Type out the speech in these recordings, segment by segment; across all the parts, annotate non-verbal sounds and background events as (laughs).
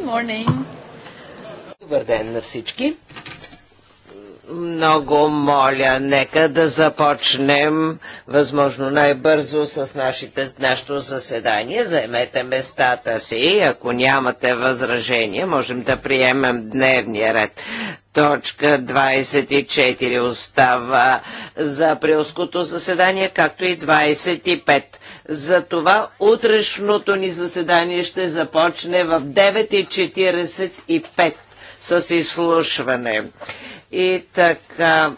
Good morning. Добър ден на всички. Много моля, нека да започнем възможно най-бързо с нашите, нашето заседание. Займете местата си. Ако нямате възражения, можем да приемем дневния ред. Точка 24 остава за априлското заседание, както и 25. Затова утрешното ни заседание ще започне в 9.45 с изслушване. И така,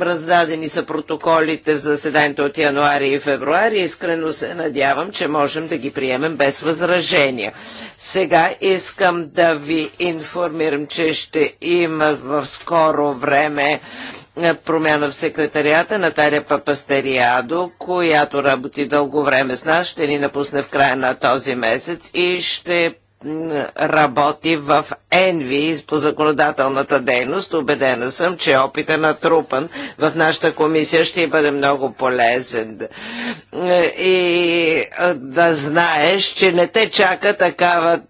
раздадени са протоколите за седанието от януари и февруари. Искрено се надявам, че можем да ги приемем без възражения. Сега искам да ви информирам, че ще има в скоро време е, промяна в секретарията Наталия Папастериадо, която работи дълго време с нас, ще ни напусне в края на този месец и ще работи в Енви по законодателната дейност. Убедена съм, че опита на трупан в нашата комисия ще бъде много полезен. Е, и да знаеш, че не те чака такава,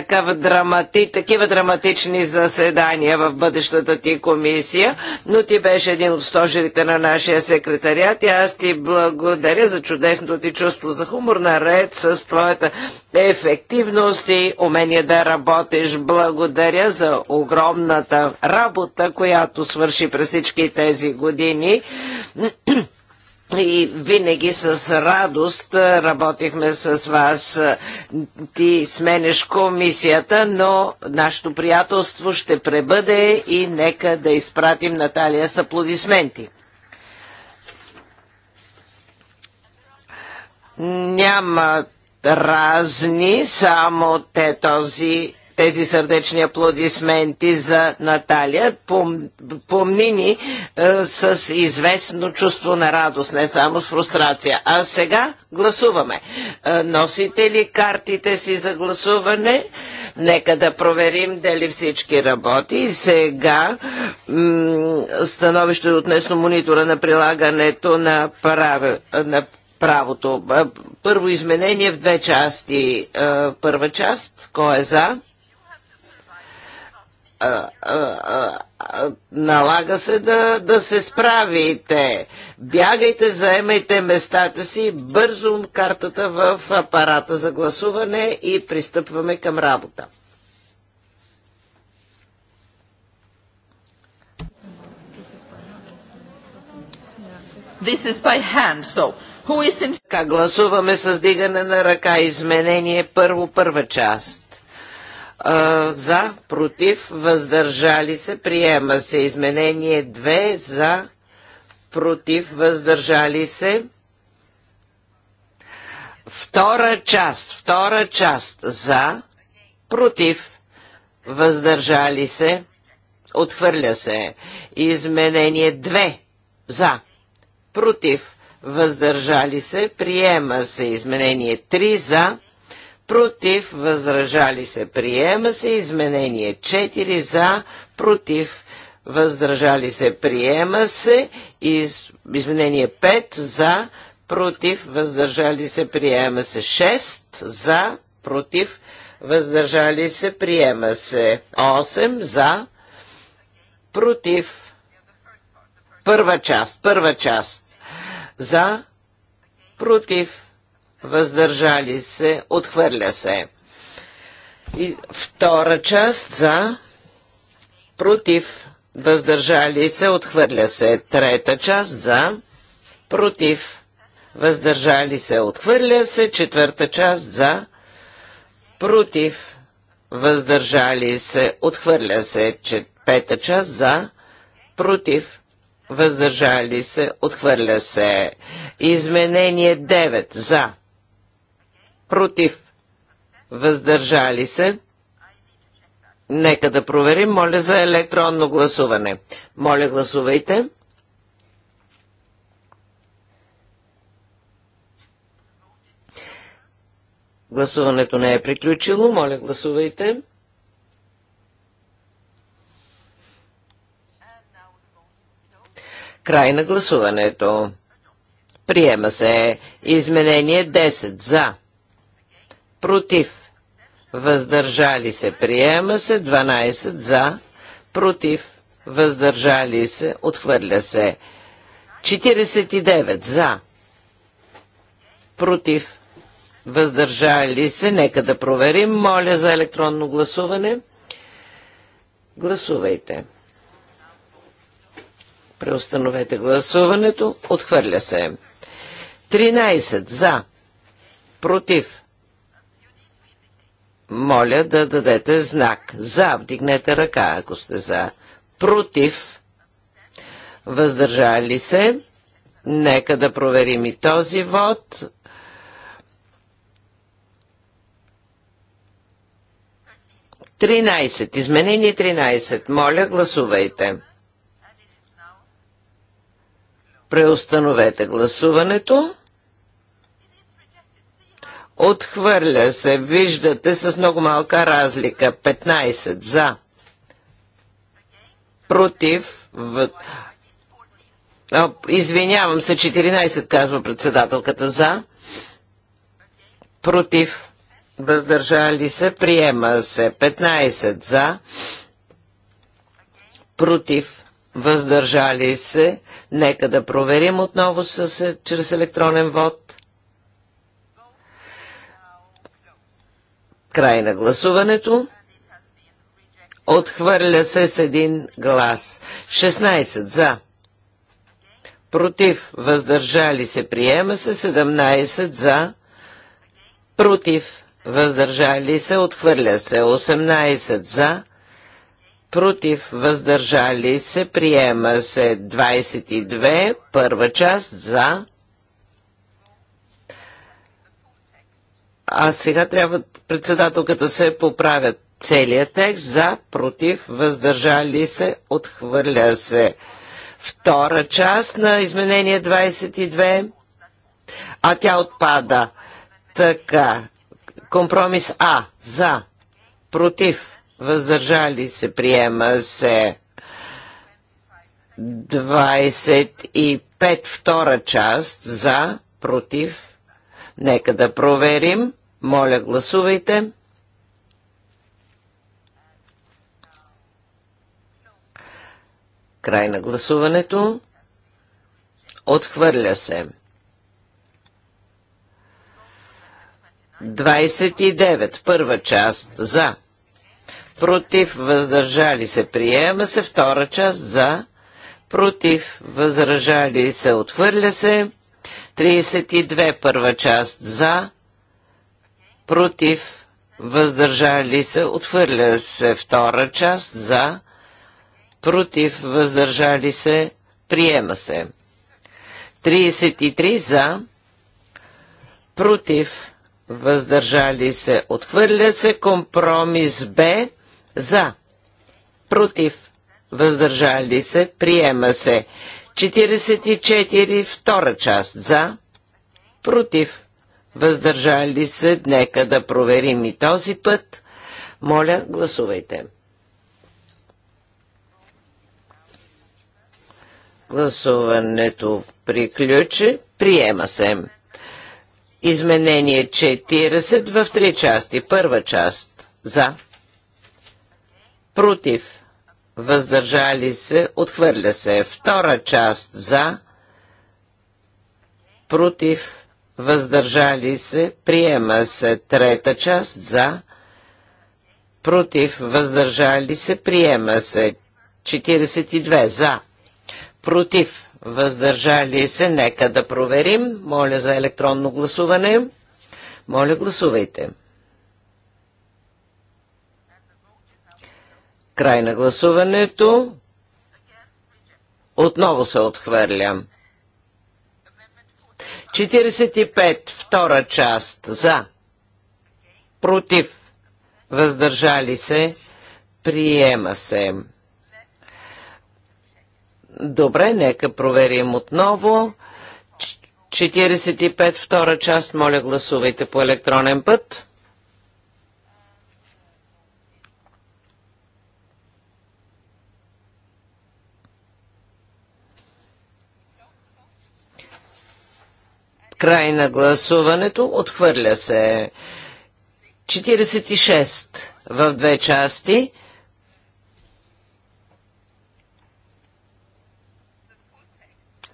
такава драмати, такива драматични заседания в бъдещата ти комисия, но ти беше един от стожерите на нашия секретариат и аз ти благодаря за чудесното ти чувство за хумор, наред с твоята ефективност и умение да работиш. Благодаря за огромната работа, която свърши през всички тези години и винаги с радост работихме с вас. Ти сменеш комисията, но нашето приятелство ще пребъде и нека да изпратим Наталия с аплодисменти. Няма разни, само те този тези сърдечни аплодисменти за Наталия. Пом, помни ни е, с известно чувство на радост, не само с фрустрация. А сега гласуваме. Е, носите ли картите си за гласуване? Нека да проверим дали всички работи. сега становище отнесно монитора на прилагането на, прави, на правото. Е, първо изменение в две части. Е, първа част, кой е за? налага се да, да се справите. Бягайте, заемайте местата си, бързо картата в апарата за гласуване и пристъпваме към работа. This is by hand, so who is in... Гласуваме с дигане на ръка изменение първо първа част за, против, въздържали се, приема се. Изменение 2 за, против, въздържали се. Втора част, втора част за, против, въздържали се, отхвърля се. Изменение 2 за, против, въздържали се, приема се. Изменение 3 за, против, въздържали се, приема се. Изменение 4 за, против, въздържали се, приема се. Из... Изменение 5 за, против, въздържали се, приема се. 6 за, против, въздържали се, приема се. 8 за, против, първа част, първа част, за, против, въздържали се, отхвърля се. И втора част за, против, въздържали се, отхвърля се. Трета част за, против, въздържали се, отхвърля се. Четвърта част за, против, въздържали се, отхвърля се. Чет... Пета част за, против, въздържали се, отхвърля се. Изменение 9 за, против, въздържали се. Нека да проверим. Моля за електронно гласуване. Моля, гласувайте. Гласуването не е приключило. Моля, гласувайте. Край на гласуването. Приема се изменение 10 за против, въздържали се, приема се, 12 за, против, въздържали се, отхвърля се, 49 за, против, въздържали се, нека да проверим, моля за електронно гласуване, гласувайте. Преустановете гласуването. Отхвърля се. 13 за. Против моля да дадете знак. За, вдигнете ръка, ако сте за. Против, въздържали се. Нека да проверим и този вод. Тринайсет. Изменение 13. Моля, гласувайте. Преустановете гласуването. Отхвърля се. Виждате с много малка разлика. 15 за. Против. В... О, извинявам се, 14 казва председателката за. Против. Въздържали се. Приема се. 15 за. Против. Въздържали се. Нека да проверим отново с, чрез електронен вод. Край на гласуването. Отхвърля се с един глас. 16 за. Против. Въздържали се. Приема се. 17 за. Против. Въздържали се. Отхвърля се. 18 за. Против. Въздържали се. Приема се. 22. Първа част за А сега трябва председателката се поправят целият текст за, против, въздържали се, отхвърля се. Втора част на изменение 22, а тя отпада. Така, компромис А, за, против, въздържали се, приема се 25 втора част за, против, Нека да проверим. Моля, гласувайте. Край на гласуването. Отхвърля се. 29. Първа част. За. Против. Въздържали се. Приема се. Втора част. За. Против. Възражали се. Отхвърля се. 32 първа част за, против, въздържали се, отхвърля се втора част за, против, въздържали се, приема се. 33 за, против, въздържали се, отхвърля се, компромис Б за, против, въздържали се, приема се. 44, втора част за, против, въздържали се, нека да проверим и този път. Моля, гласувайте. Гласуването приключи. Приема се. Изменение 40 в три части. Първа част за, против, въздържали се, отхвърля се. Втора част за, против, въздържали се, приема се. Трета част за, против, въздържали се, приема се. 42 за, против, въздържали се, нека да проверим. Моля за електронно гласуване. Моля, гласувайте. Край на гласуването. Отново се отхвърлям. 45. Втора част. За. Против. Въздържали се. Приема се. Добре, нека проверим отново. 45. Втора част. Моля гласувайте по електронен път. Край на гласуването. Отхвърля се. 46 в две части.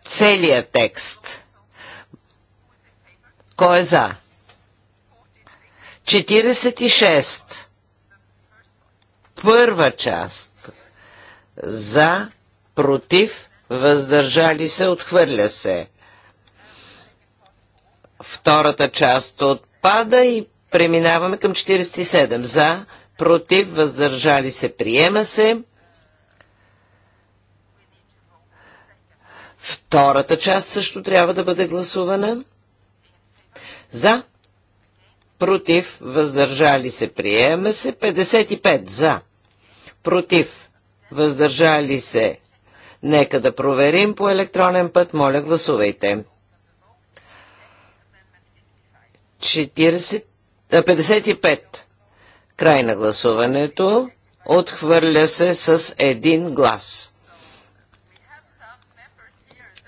Целият текст. Кой е за? 46. Първа част. За, против, въздържали се, отхвърля се. Втората част отпада и преминаваме към 47. За, против, въздържали се, приема се. Втората част също трябва да бъде гласувана. За, против, въздържали се, приема се. 55 за, против, въздържали се. Нека да проверим по електронен път. Моля, гласувайте. 55. Край на гласуването. Отхвърля се с един глас.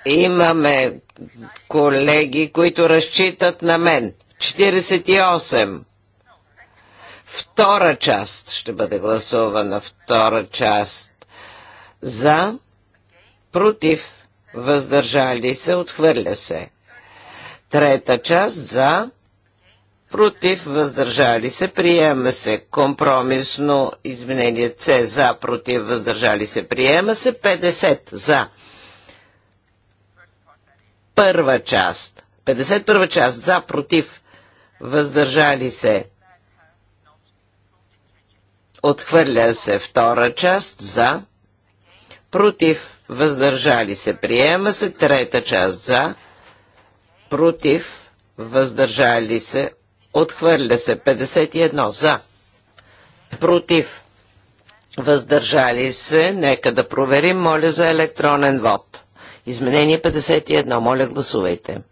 Имаме колеги, които разчитат на мен. 48. Втора част ще бъде гласувана. Втора част. За, против, въздържали се, отхвърля се. Трета част за, против, въздържали се, приема се. Компромисно изменение С за, против, въздържали се, приема се. 50 за. Първа част. 50 първа част за, против, въздържали се. Отхвърля се втора част за, против, въздържали се, приема се. Трета част за, против, въздържали се, Отхвърля се 51 за. Против. Въздържали се. Нека да проверим. Моля за електронен вод. Изменение 51. Моля гласувайте.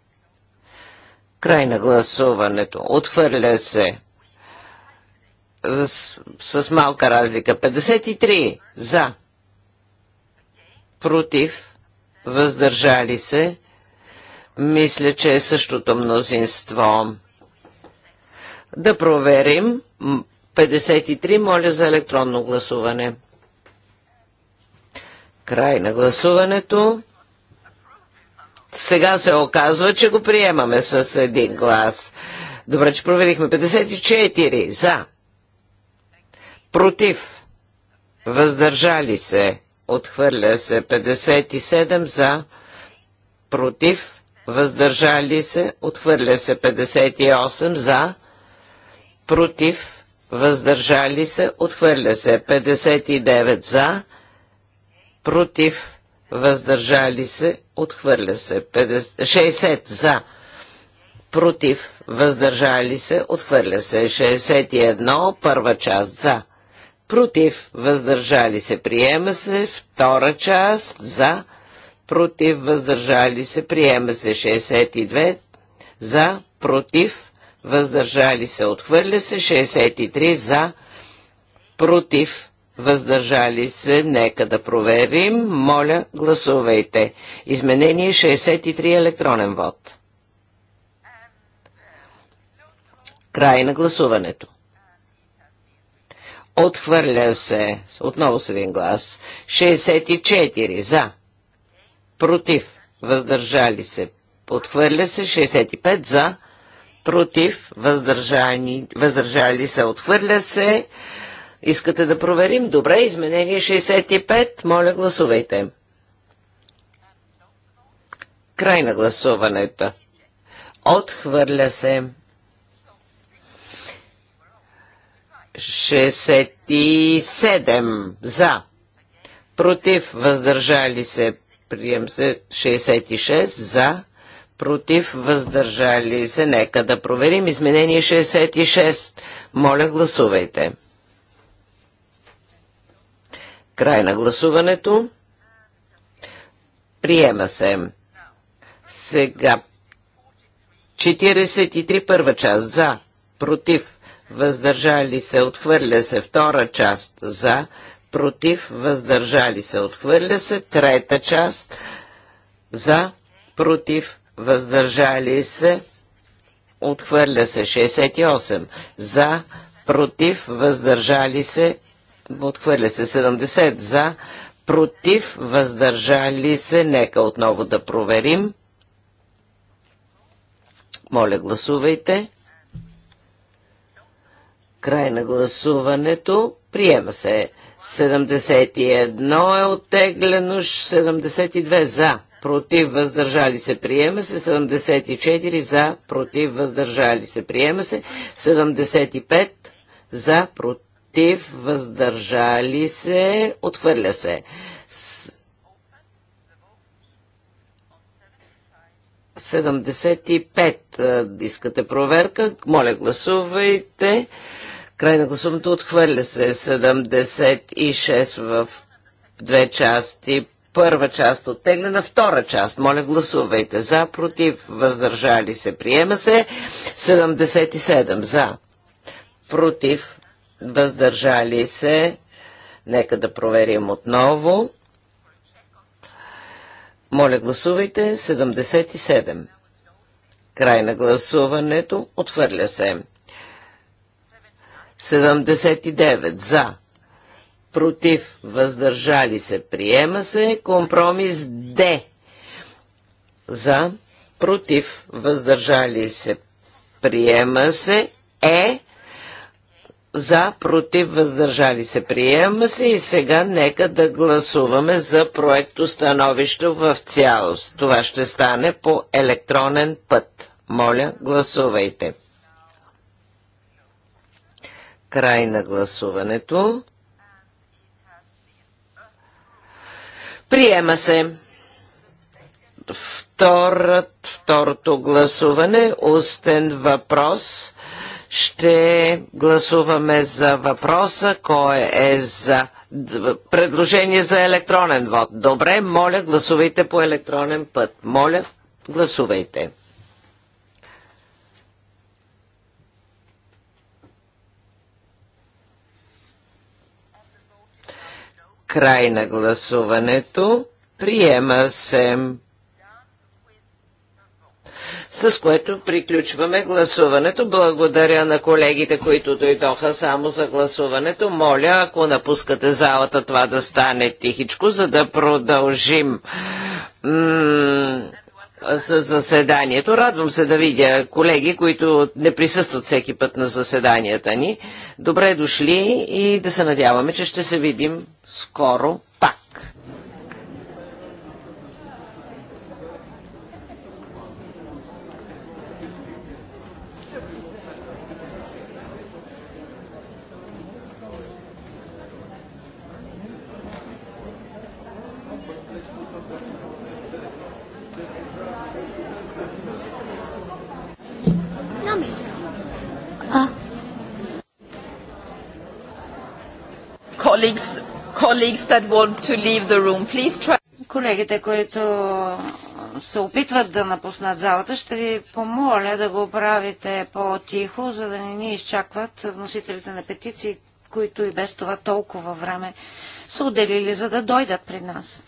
Край на гласуването. Отхвърля се. С, с малка разлика. 53 за. Против. Въздържали се. Мисля, че е същото мнозинство. Да проверим. 53, моля за електронно гласуване. Край на гласуването. Сега се оказва, че го приемаме с един глас. Добре, че проверихме. 54 за. Против. Въздържали се. Отхвърля се. 57 за. Против. Въздържали се. Отхвърля се. 58 за против, въздържали се, отхвърля се. 59 за, против, въздържали се, отхвърля се. 50, 60 за, против, въздържали се, отхвърля се. 61, първа част за, против, въздържали се, приема се. Втора част за, против, въздържали се, приема се. 62 за, против, въздържали се, отхвърля се, 63 за, против, въздържали се, нека да проверим, моля, гласувайте. Изменение 63 електронен вод. Край на гласуването. Отхвърля се, отново с един глас, 64 за, против, въздържали се, отхвърля се, 65 за, против, въздържани, въздържали се, отхвърля се. Искате да проверим? Добре, изменение 65. Моля, гласувайте. Край на гласуването. Отхвърля се. 67 за. Против, въздържали се, прием се 66 за против, въздържали се. Нека да проверим изменение 66. Моля, гласувайте. Край на гласуването. Приема се. Сега 43 първа част за, против, въздържали се, отхвърля се втора част за, против, въздържали се, отхвърля се трета част за, против, въздържали се, отхвърля се 68, за, против, въздържали се, отхвърля се 70, за, против, въздържали се, нека отново да проверим. Моля, гласувайте. Край на гласуването. Приема се. 71 е оттеглено, 72 за против въздържали се, приема се 74 за, против въздържали се, приема се 75 за, против въздържали се, отхвърля се. 75 искате проверка, моля гласувайте. Край на гласуването отхвърля се 76 в две части. Първа част оттеглена, втора част. Моля, гласувайте. За, против, въздържали се. Приема се. 77 за, против, въздържали се. Нека да проверим отново. Моля, гласувайте. 77. Край на гласуването. Отхвърля се. 79 за против, въздържали се, приема се. Компромис Д за, против, въздържали се, приема се. Е за, против, въздържали се. Приема се и сега нека да гласуваме за проекто становище в цялост. Това ще стане по електронен път. Моля, гласувайте. Край на гласуването. Приема се. Вторът, второто гласуване, устен въпрос. Ще гласуваме за въпроса, кой е за предложение за електронен вод. Добре, моля, гласувайте по електронен път. Моля, гласувайте. Край на гласуването. Приема се. С което приключваме гласуването. Благодаря на колегите, които дойдоха само за гласуването. Моля, ако напускате залата, това да стане тихичко, за да продължим със заседанието. Радвам се да видя колеги, които не присъстват всеки път на заседанията ни. Добре дошли и да се надяваме, че ще се видим скоро colleagues, colleagues that want to leave the room, please try. Колегите, които се опитват да напуснат залата, ще ви помоля да го правите по-тихо, за да не ни изчакват вносителите на петиции, които и без това толкова време са отделили, за да дойдат при нас.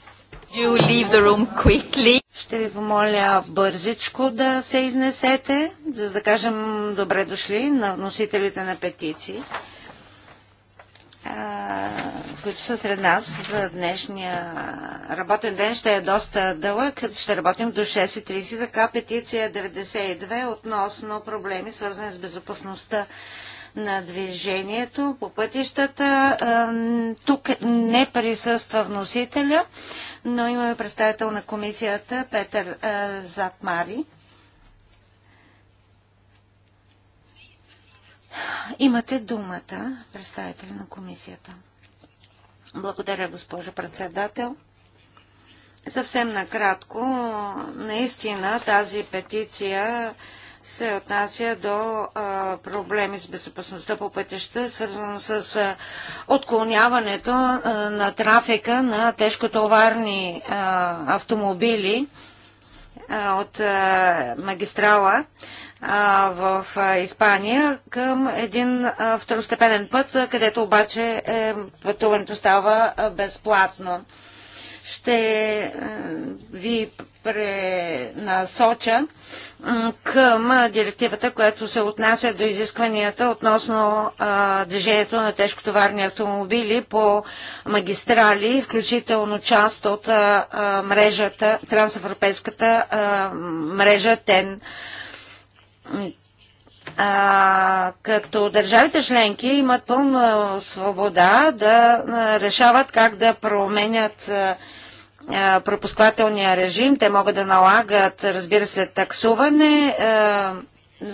You leave the room quickly. Ще ви помоля бързичко да се изнесете, за да кажем добре дошли на носителите на петиции които са сред нас за днешния работен ден. Ще е доста дълъг. Ще работим до 6.30. Така петиция 92 относно проблеми, свързани с безопасността на движението по пътищата. Тук не присъства вносителя, но имаме представител на комисията Петър Затмари. Имате думата, представители на комисията. Благодаря, госпожо председател. Съвсем накратко, наистина тази петиция се отнася до а, проблеми с безопасността по пътища, свързано с а, отклоняването а, на трафика на тежкотоварни автомобили от магистрала в Испания към един второстепенен път, където обаче е, пътуването става безплатно. Ще ви пренасоча към директивата, която се отнася до изискванията относно движението на тежкотоварни автомобили по магистрали, включително част от мрежата, трансевропейската мрежа ТЕН а, като държавите членки имат пълна свобода да решават как да променят пропускателния режим. Те могат да налагат, разбира се, таксуване на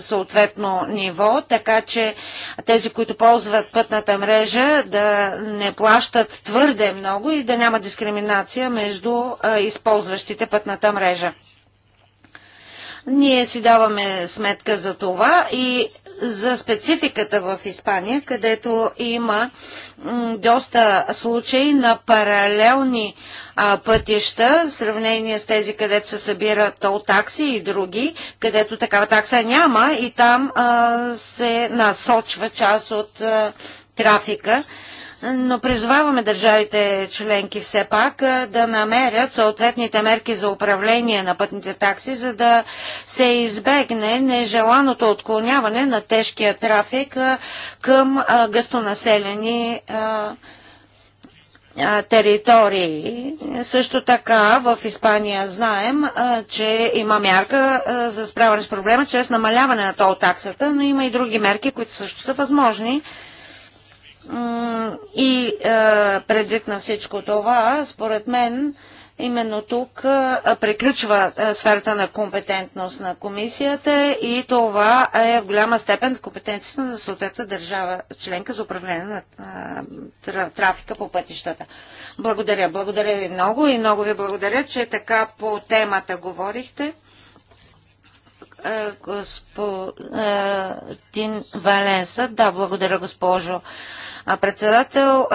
съответно ниво, така че тези, които ползват пътната мрежа, да не плащат твърде много и да няма дискриминация между използващите пътната мрежа. Ние си даваме сметка за това и за спецификата в Испания, където има доста случаи на паралелни а, пътища, в сравнение с тези, където се събират тол такси и други, където такава такса няма и там а, се насочва част от а, трафика но призоваваме държавите членки все пак да намерят съответните мерки за управление на пътните такси, за да се избегне нежеланото отклоняване на тежкия трафик към гъстонаселени територии. Също така в Испания знаем, че има мярка за справяне с проблема чрез намаляване на тол таксата, но има и други мерки, които също са възможни и предвид на всичко това, според мен, именно тук приключва сферата на компетентност на комисията и това е в голяма степен компетенцията на съответната държава членка за управление на трафика по пътищата. Благодаря. Благодаря ви много и много ви благодаря, че така по темата говорихте. Господин Валенса, да, благодаря госпожо председател.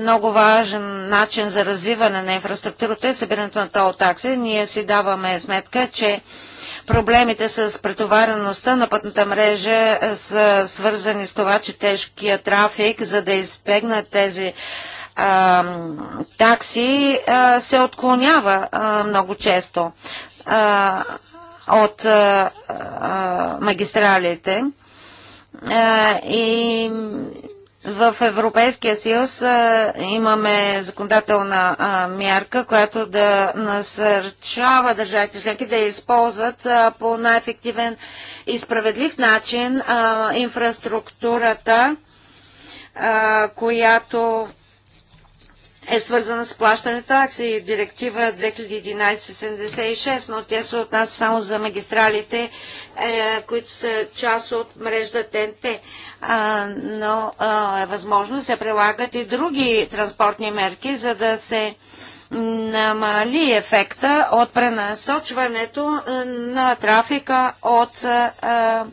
Много важен начин за развиване на инфраструктурата е събирането на тол такси. Ние си даваме сметка, че проблемите с претовареността на пътната мрежа са свързани с това, че тежкия трафик, за да избегнат тези а, такси, а, се отклонява а, много често от магистралите. И в Европейския съюз имаме законодателна мярка, която да насърчава държавите членки да използват по най-ефективен и справедлив начин инфраструктурата, която е свързана с плащане такси. Директива 2011-76, но те се отнасят само за магистралите, е, които са част от мрежда ТНТ. но е възможно да се прилагат и други транспортни мерки, за да се намали ефекта от пренасочването е, на трафика от а, е,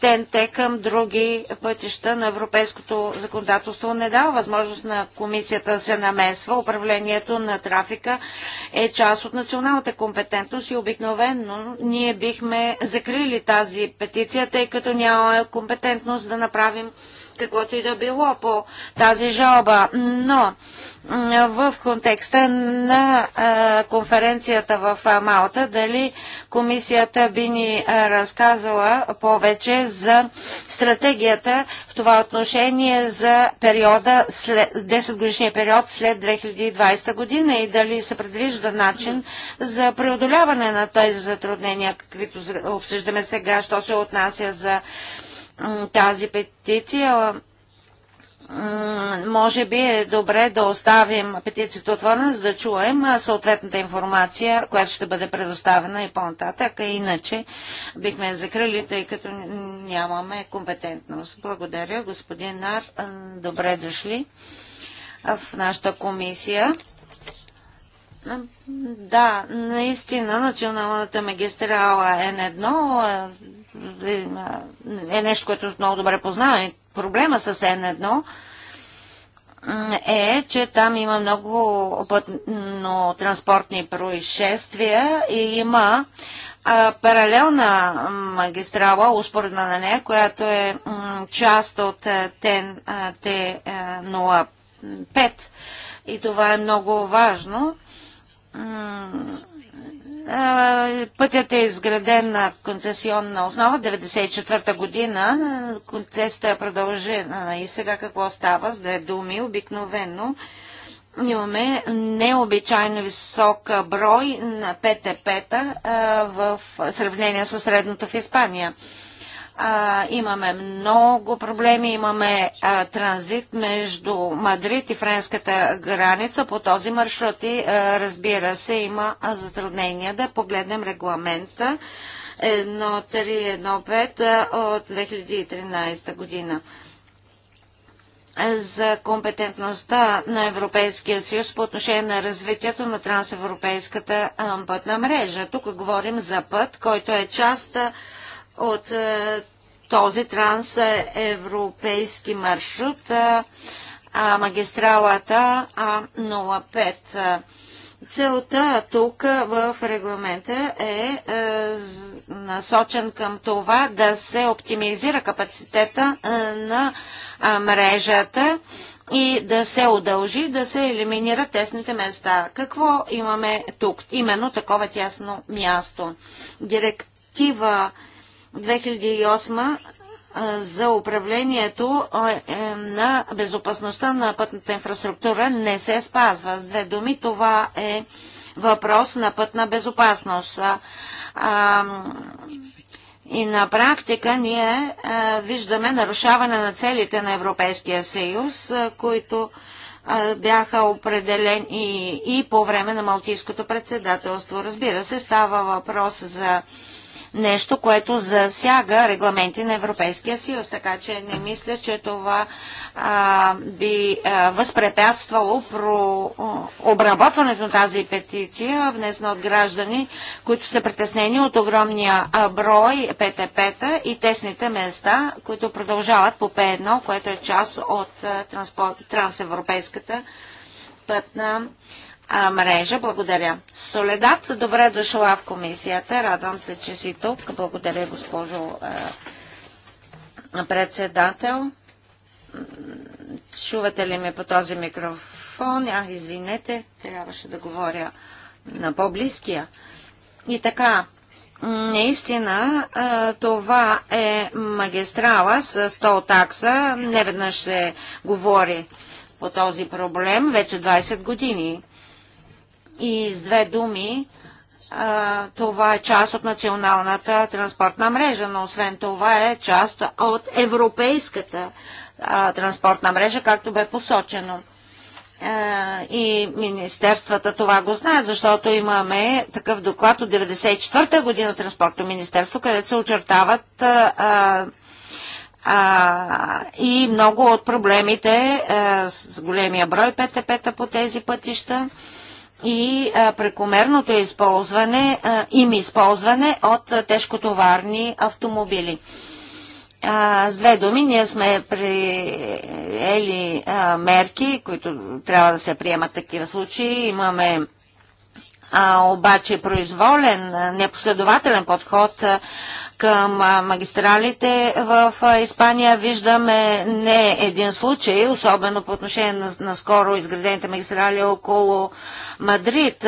ТНТ към други пътища на европейското законодателство не дава възможност на комисията да се намесва. Управлението на трафика е част от националната компетентност и обикновено ние бихме закрили тази петиция, тъй като няма компетентност да направим каквото и да било по тази жалба. Но в контекста на конференцията в Малта, дали комисията би ни разказала повече за стратегията в това отношение за периода, 10 годишния период след 2020 година и дали се предвижда начин за преодоляване на тези затруднения, каквито обсъждаме сега, що се отнася за тази петиция. Може би е добре да оставим петицията отворена, за да чуем съответната информация, която ще бъде предоставена и по-нататък, а иначе бихме закрили, тъй като нямаме компетентност. Благодаря, господин Нар. Добре дошли в нашата комисия. Да, наистина националната магистрала е N1 е, е нещо, което много добре познаваме. Проблема с н 1 е, че там има много пътно-транспортни происшествия и има паралелна магистрала, успоредна на нея, която е част от е, Т05. Е, и това е много важно Пътят е изграден на концесионна основа 1994-та година. Концесията е продължена. И сега какво става? С две думи, обикновено имаме необичайно висок брой на ПТП-та в сравнение с средното в Испания а, имаме много проблеми, имаме а, транзит между Мадрид и френската граница по този маршрут и а, разбира се има затруднения да погледнем регламента 1315 от 2013 година за компетентността на Европейския съюз по отношение на развитието на трансевропейската пътна мрежа. Тук говорим за път, който е част от е, този трансевропейски маршрут е, магистралата А05. Е, целта тук в регламента е, насочен към това да се оптимизира капацитета на мрежата и да се удължи, да се елиминират тесните места. Какво имаме тук? Именно такова тясно място. Директива 2008 за управлението е, на безопасността на пътната инфраструктура не се спазва. С две думи, това е въпрос на пътна безопасност. И на практика ние виждаме нарушаване на целите на Европейския съюз, които бяха определени и по време на Малтийското председателство. Разбира се, става въпрос за нещо, което засяга регламенти на Европейския съюз. Така че не мисля, че това а, би а, възпрепятствало про обработването на тази петиция, внесена от граждани, които са притеснени от огромния брой ПТП-та и тесните места, които продължават по П1, което е част от а, транспорт, трансевропейската пътна а, мрежа. Благодаря. Соледат, добре е дошла в комисията. Радвам се, че си тук. Благодаря, госпожо а, председател. Чувате ли ме по този микрофон? А, извинете, трябваше да говоря на по-близкия. И така, Наистина, това е магистрала с стол такса. Неведнъж ще говори по този проблем вече 20 години. И с две думи, това е част от националната транспортна мрежа, но освен това е част от европейската транспортна мрежа, както бе посочено. и министерствата това го знаят, защото имаме такъв доклад от 1994 година от Транспортно министерство, където се очертават а, и много от проблемите а, с големия брой ПТП-та по тези пътища и прекомерното използване, им използване от тежкотоварни автомобили. С две думи, ние сме приели мерки, които трябва да се приемат такива случаи. Имаме а, обаче произволен, непоследователен подход към магистралите в Испания виждаме не един случай, особено по отношение на, на скоро изградените магистрали около Мадрид.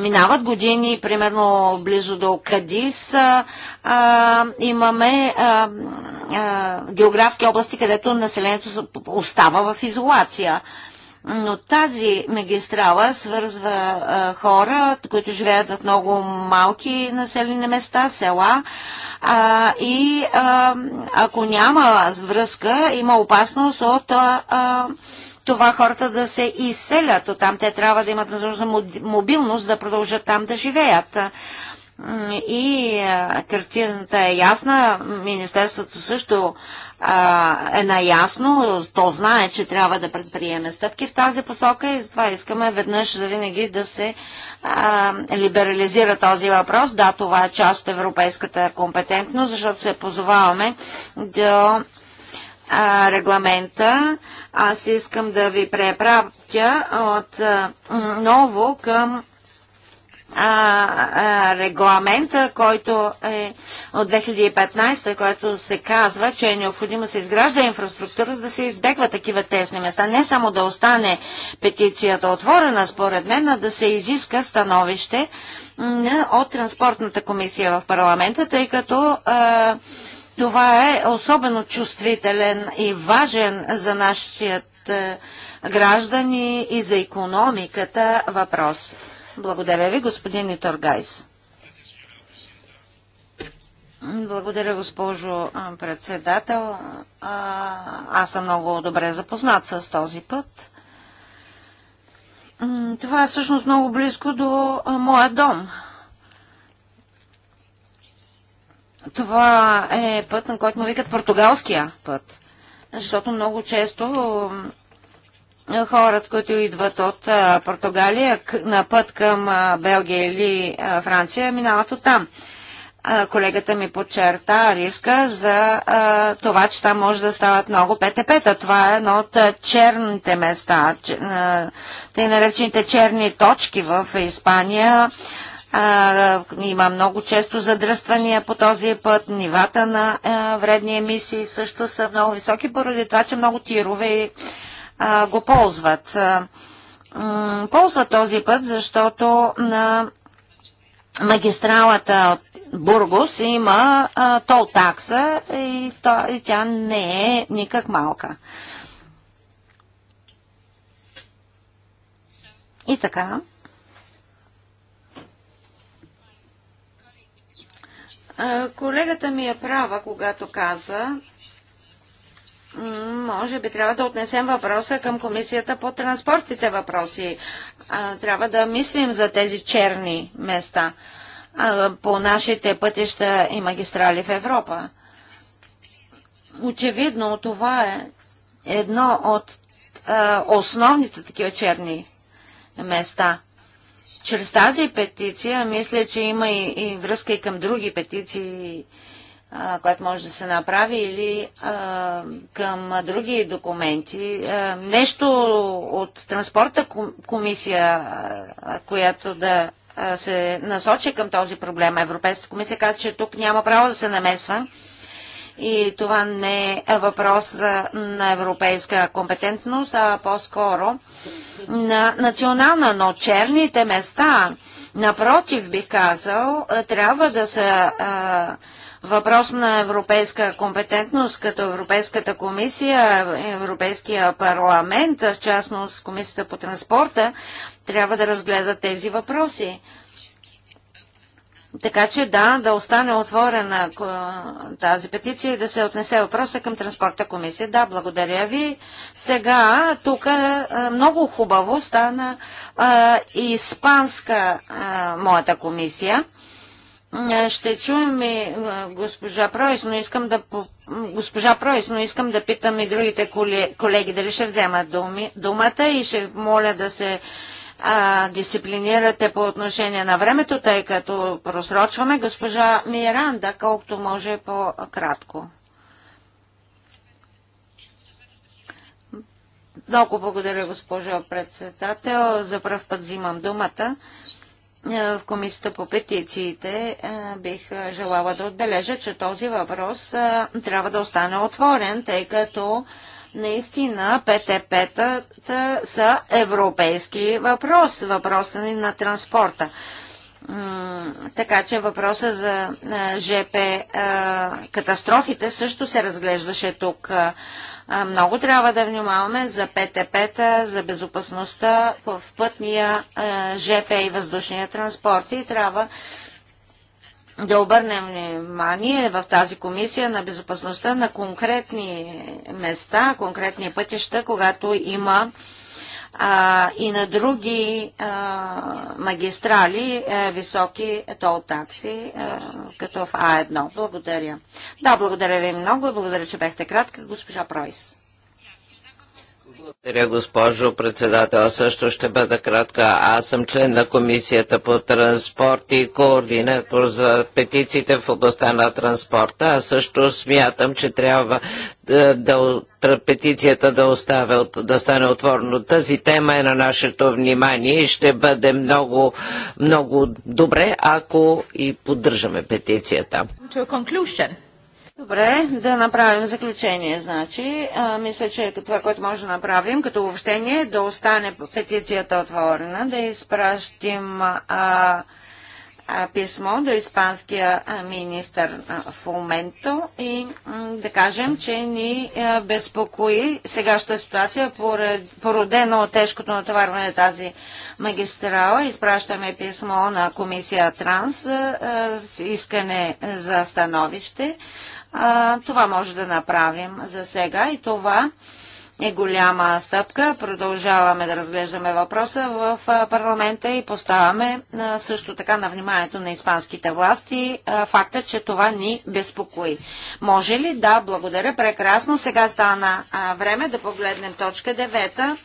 Минават години, примерно близо до Кадис, а, имаме а, а, географски области, където населението остава в изолация. Но тази магистрала свързва а, хора, които живеят в много малки населени места, села а, и а, ако няма връзка, има опасност от това хората да се изселят от там. Те трябва да имат възможност за мобилност да продължат там да живеят и картината е ясна. Министерството също е наясно. То знае, че трябва да предприеме стъпки в тази посока и затова искаме веднъж за винаги да се либерализира този въпрос. Да, това е част от европейската компетентност, защото се позоваваме до регламента. Аз искам да ви препратя отново към а, регламента, който е от 2015, който се казва, че е необходимо се изгражда инфраструктура, за да се избегва такива тесни места. Не само да остане петицията отворена, според мен, а да се изиска становище от Транспортната комисия в парламента, тъй като а, това е особено чувствителен и важен за нашият граждани и за економиката въпрос. Благодаря ви, господин Иторгайс. Благодаря, госпожо председател. Аз съм много добре запознат с този път. Това е всъщност много близко до моя дом. Това е път, на който му викат португалския път. Защото много често хората, които идват от Португалия на път към Белгия или Франция, минават от там. Колегата ми подчерта риска за това, че там може да стават много ПТП-та. Това е едно от черните места, тъй наречените черни точки в Испания. Има много често задръствания по този път. Нивата на вредни емисии също са много високи, поради това, че много тирове и а, го ползват. Ползват този път, защото на магистралата от Бургус има а, тол такса и, то, и тя не е никак малка. И така. Колегата ми е права, когато каза, може би трябва да отнесем въпроса към комисията по транспортните въпроси. Трябва да мислим за тези черни места по нашите пътища и магистрали в Европа. Очевидно това е едно от основните такива черни места. Чрез тази петиция, мисля, че има и, и връзка и към други петиции, което може да се направи или а, към други документи. А, нещо от транспорта комисия, която да а, се насочи към този проблем. Европейската комисия каза, че тук няма право да се намесва. И това не е въпрос на европейска компетентност, а по-скоро на национална, но черните места, напротив бих казал, трябва да са а, въпрос на европейска компетентност, като Европейската комисия, Европейския парламент, в частност Комисията по транспорта, трябва да разгледат тези въпроси. Така че да, да остане отворена тази петиция и да се отнесе въпроса към транспорта комисия. Да, благодаря ви. Сега тук много хубаво стана а, испанска а, моята комисия. Ще чуем и госпожа Пройс, но искам да, госпожа Пройс, но искам да питам и другите колеги дали ще вземат думи, думата и ще моля да се а, дисциплинирате по отношение на времето, тъй като просрочваме госпожа Миранда, колкото може по-кратко. Много благодаря, госпожо председател. За първ път взимам думата. Е, в Комисията по петициите е, бих е, желала да отбележа, че този въпрос трябва да остане отворен, тъй като наистина ПТП-тата са европейски въпрос, въпроса ни на транспорта. Така че въпроса за ЖП катастрофите също се разглеждаше тук много трябва да внимаваме за ПТП-та, за безопасността в пътния ЖП и въздушния транспорт и трябва да обърнем внимание в тази комисия на безопасността на конкретни места, конкретни пътища, когато има а, и на други а, магистрали а, е, високи тол такси, а, е, като в А1. Благодаря. Да, благодаря ви много и благодаря, че бяхте кратка, госпожа Пройс. Благодаря, госпожо председател. също ще бъда кратка. Аз съм член на Комисията по транспорт и координатор за петициите в областта на транспорта. Аз също смятам, че трябва е, да, да петицията да, оставя, да стане отворено. Тази тема е на нашето внимание и ще бъде много, много добре, ако и поддържаме петицията. Добре, да направим заключение. Значи, а, мисля, че това, което може да направим като обобщение, е да остане петицията отворена, да изпращим а, а, писмо до испанския министр в момента и да кажем, че ни безпокои сегашната ситуация, породено от тежкото натоварване на тази магистрала. Изпращаме писмо на комисия Транс а, искане за становище. А, това може да направим за сега и това е голяма стъпка. Продължаваме да разглеждаме въпроса в парламента и поставяме също така на вниманието на испанските власти факта, че това ни безпокои. Може ли? Да, благодаря. Прекрасно. Сега стана време да погледнем точка 9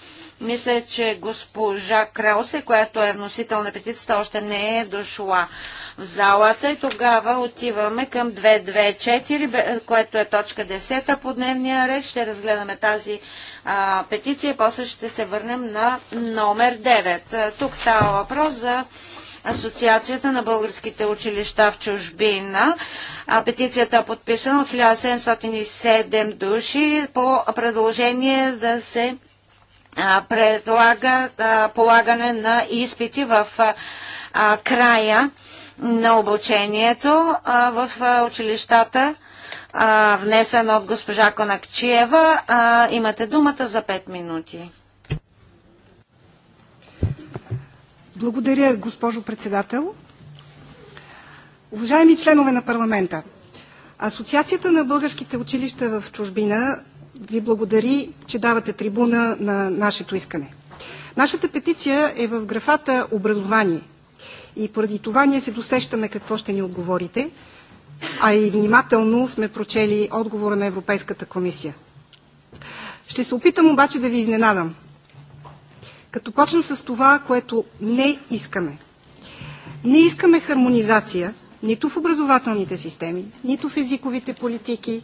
мисля, че госпожа Краусе, която е вносител на петицията, още не е дошла в залата и тогава отиваме към 224, което е точка 10 по дневния ред. Ще разгледаме тази а, петиция, после ще се върнем на номер 9. Тук става въпрос за Асоциацията на българските училища в чужбина. А петицията е подписана от 1707 души по предложение да се предлага полагане на изпити в края на обучението в училищата, внесен от госпожа Конакчиева. Имате думата за 5 минути. Благодаря, госпожо председател. Уважаеми членове на парламента, Асоциацията на българските училища в чужбина ви благодари, че давате трибуна на нашето искане. Нашата петиция е в графата образование и поради това ние се досещаме какво ще ни отговорите, а и внимателно сме прочели отговора на Европейската комисия. Ще се опитам обаче да ви изненадам. Като почна с това, което не искаме. Не искаме хармонизация нито в образователните системи, нито в езиковите политики,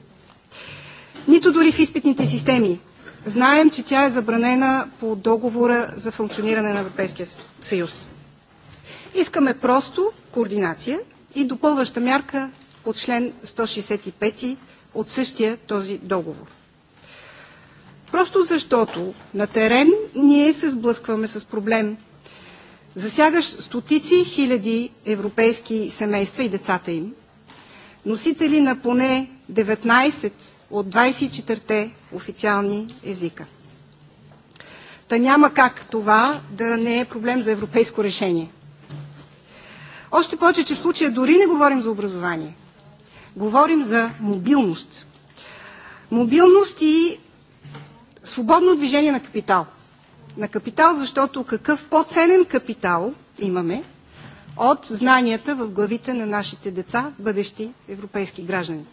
нито дори в изпитните системи. Знаем, че тя е забранена по договора за функциониране на Европейския съюз. Искаме просто координация и допълваща мярка по член 165 от същия този договор. Просто защото на терен ние се сблъскваме с проблем, засягаш стотици хиляди европейски семейства и децата им, носители на поне 19 от 24-те официални езика. Та няма как това да не е проблем за европейско решение. Още повече, че в случая дори не говорим за образование. Говорим за мобилност. Мобилност и свободно движение на капитал. На капитал, защото какъв по-ценен капитал имаме от знанията в главите на нашите деца, бъдещи европейски граждани.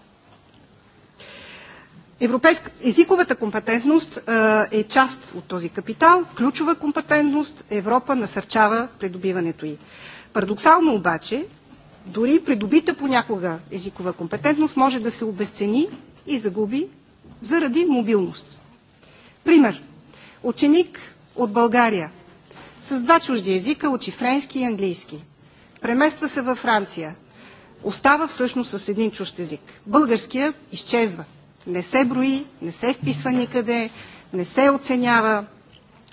Европейска езиковата компетентност е част от този капитал, ключова компетентност, Европа насърчава придобиването й. Парадоксално обаче, дори придобита понякога езикова компетентност може да се обесцени и загуби заради мобилност. Пример. Ученик от България с два чужди езика учи френски и английски. Премества се във Франция. Остава всъщност с един чужд език. Българския изчезва не се брои, не се вписва никъде, не се оценява,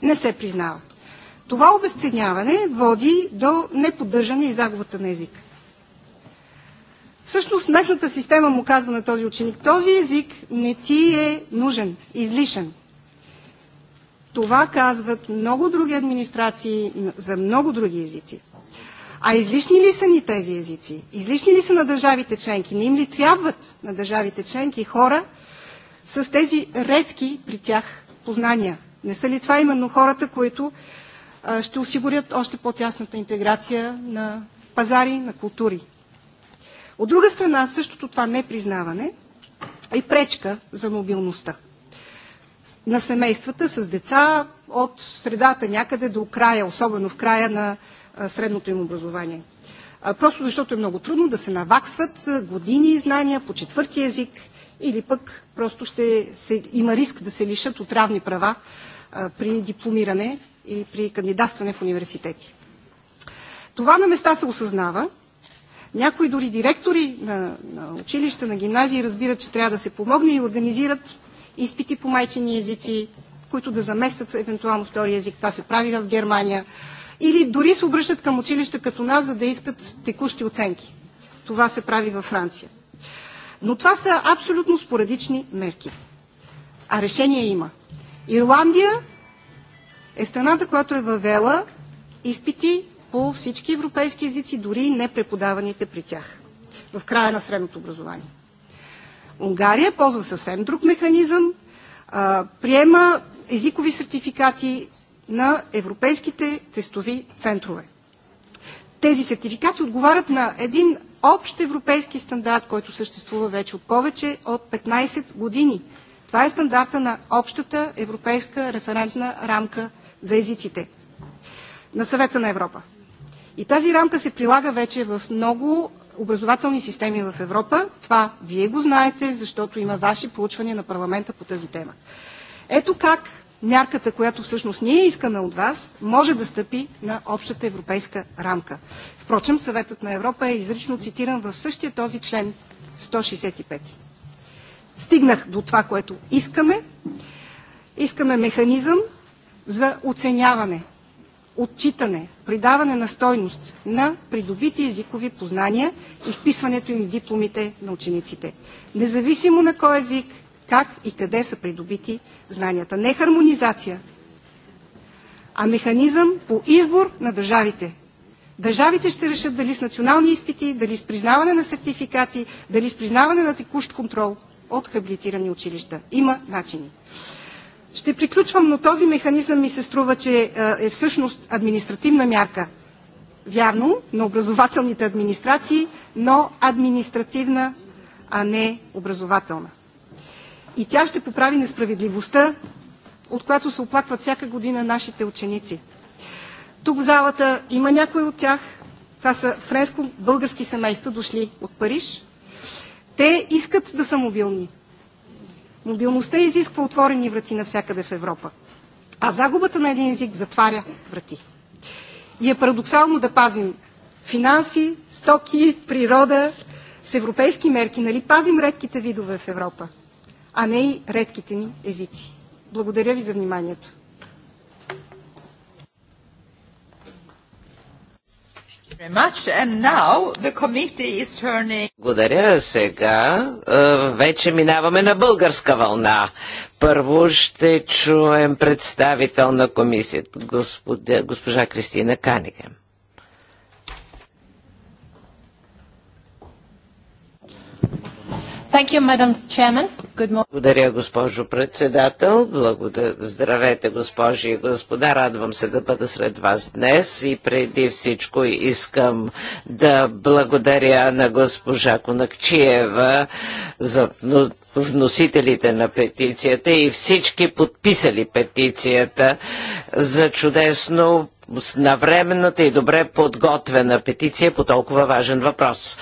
не се признава. Това обесценяване води до неподдържане и загубата на език. Всъщност местната система му казва на този ученик, този език не ти е нужен, излишен. Това казват много други администрации за много други езици. А излишни ли са ни тези езици? Излишни ли са на държавите членки? Не им ли трябват на държавите членки хора, с тези редки при тях познания? Не са ли това именно хората, които ще осигурят още по-тясната интеграция на пазари, на култури? От друга страна, същото това непризнаване е пречка за мобилността на семействата с деца от средата някъде до края, особено в края на средното им образование. Просто защото е много трудно да се наваксват години и знания по четвърти език, или пък просто ще се, има риск да се лишат от равни права а, при дипломиране и при кандидатстване в университети. Това на места се осъзнава. Някои дори директори на, на училища, на гимназии разбират, че трябва да се помогне и организират изпити по майчини езици, които да заместят евентуално втори език. Това се прави в Германия. Или дори се обръщат към училища като нас, за да искат текущи оценки. Това се прави във Франция. Но това са абсолютно спорадични мерки. А решение има. Ирландия е страната, която е въвела изпити по всички европейски езици, дори не преподаваните при тях в края на средното образование. Унгария ползва съвсем друг механизъм, а, приема езикови сертификати на европейските тестови центрове. Тези сертификати отговарят на един общ европейски стандарт, който съществува вече от повече от 15 години. Това е стандарта на общата европейска референтна рамка за езиците на съвета на Европа. И тази рамка се прилага вече в много образователни системи в Европа. Това вие го знаете, защото има ваши проучвания на парламента по тази тема. Ето как мярката, която всъщност ние искаме от вас, може да стъпи на общата европейска рамка. Впрочем, Съветът на Европа е изрично цитиран в същия този член 165. Стигнах до това, което искаме. Искаме механизъм за оценяване, отчитане, придаване на стойност на придобити езикови познания и вписването им в дипломите на учениците. Независимо на кой език, как и къде са придобити знанията. Не хармонизация, а механизъм по избор на държавите. Държавите ще решат дали с национални изпити, дали с признаване на сертификати, дали с признаване на текущ контрол от хабилитирани училища. Има начини. Ще приключвам, но този механизъм ми се струва, че е, е всъщност административна мярка. Вярно, на образователните администрации, но административна, а не образователна. И тя ще поправи несправедливостта, от която се оплакват всяка година нашите ученици. Тук в залата има някои от тях. Това са френско-български семейства, дошли от Париж. Те искат да са мобилни. Мобилността изисква отворени врати навсякъде в Европа. А загубата на един език затваря врати. И е парадоксално да пазим финанси, стоки, природа с европейски мерки. Нали пазим редките видове в Европа? а не и редките ни езици. Благодаря ви за вниманието. Благодаря. Сега е, вече минаваме на българска вълна. Първо ще чуем представител на комисията, госпожа Кристина Каниген. You, Благодаря, госпожо председател. Благодаря. Здравейте, госпожи и господа. Радвам се да бъда сред вас днес и преди всичко искам да благодаря на госпожа Конакчиева за вносителите на петицията и всички подписали петицията за чудесно навременната и добре подготвена петиция по толкова важен въпрос.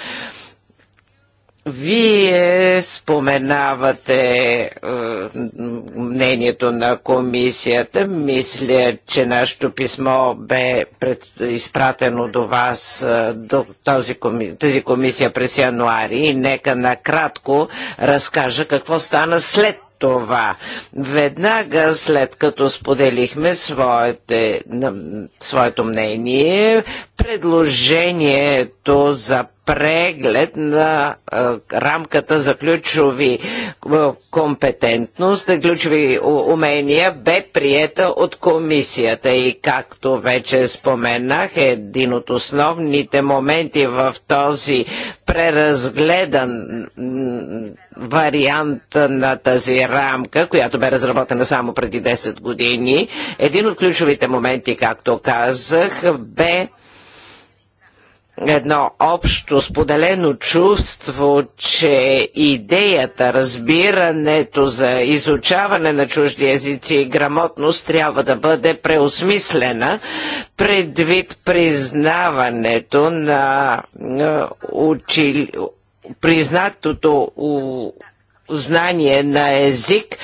Вие споменавате е, мнението на комисията. Мисля, че нашето писмо бе пред, изпратено до вас, е, до коми, тази комисия през януари. И нека накратко разкажа какво стана след това. Веднага след като споделихме своите, своето мнение, предложението за преглед на а, рамката за ключови а, компетентност, ключови умения бе приета от комисията и както вече споменах, един от основните моменти в този преразгледан варианта на тази рамка, която бе разработена само преди 10 години, един от ключовите моменти, както казах, бе едно общо споделено чувство, че идеята, разбирането за изучаване на чужди езици и грамотност трябва да бъде преосмислена предвид признаването на учили признатото у знание на език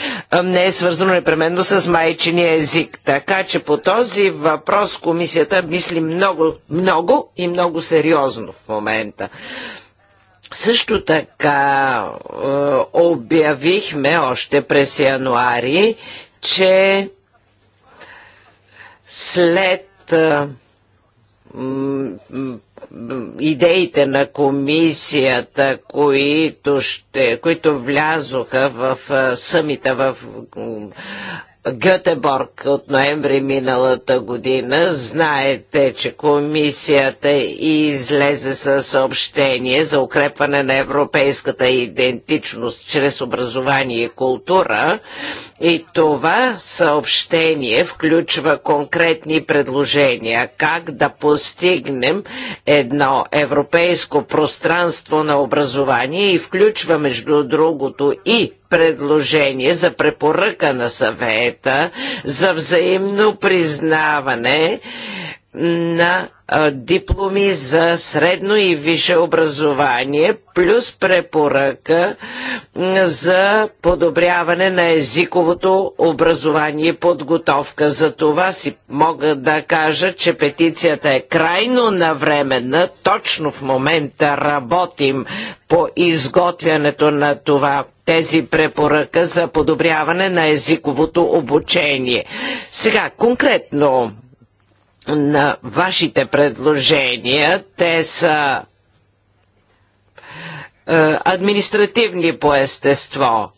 не е свързано непременно с майчиния език. Така че по този въпрос комисията мисли много, много и много сериозно в момента. Също така обявихме още през януари, че след идеите на комисията, които, ще, които влязоха в съмита в Гетеборг от ноември миналата година. Знаете, че комисията излезе със съобщение за укрепване на европейската идентичност чрез образование и култура. И това съобщение включва конкретни предложения как да постигнем едно европейско пространство на образование и включва между другото и предложение за препоръка на съвета за взаимно признаване на дипломи за средно и висше образование, плюс препоръка за подобряване на езиковото образование и подготовка. За това си мога да кажа, че петицията е крайно навременна. Точно в момента работим по изготвянето на това тези препоръка за подобряване на езиковото обучение. Сега, конкретно, на вашите предложения. Те са е, административни по естество.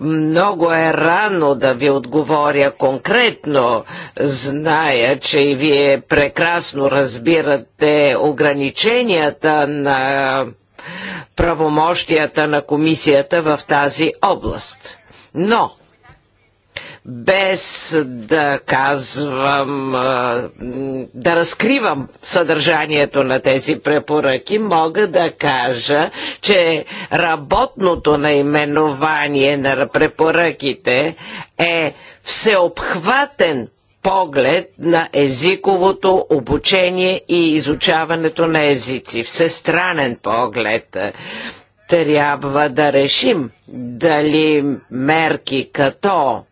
Много е рано да ви отговоря конкретно. Зная, че и вие прекрасно разбирате ограниченията на правомощията на комисията в тази област. Но без да казвам, да разкривам съдържанието на тези препоръки, мога да кажа, че работното наименование на препоръките е всеобхватен поглед на езиковото обучение и изучаването на езици, всестранен поглед трябва да решим дали мерки като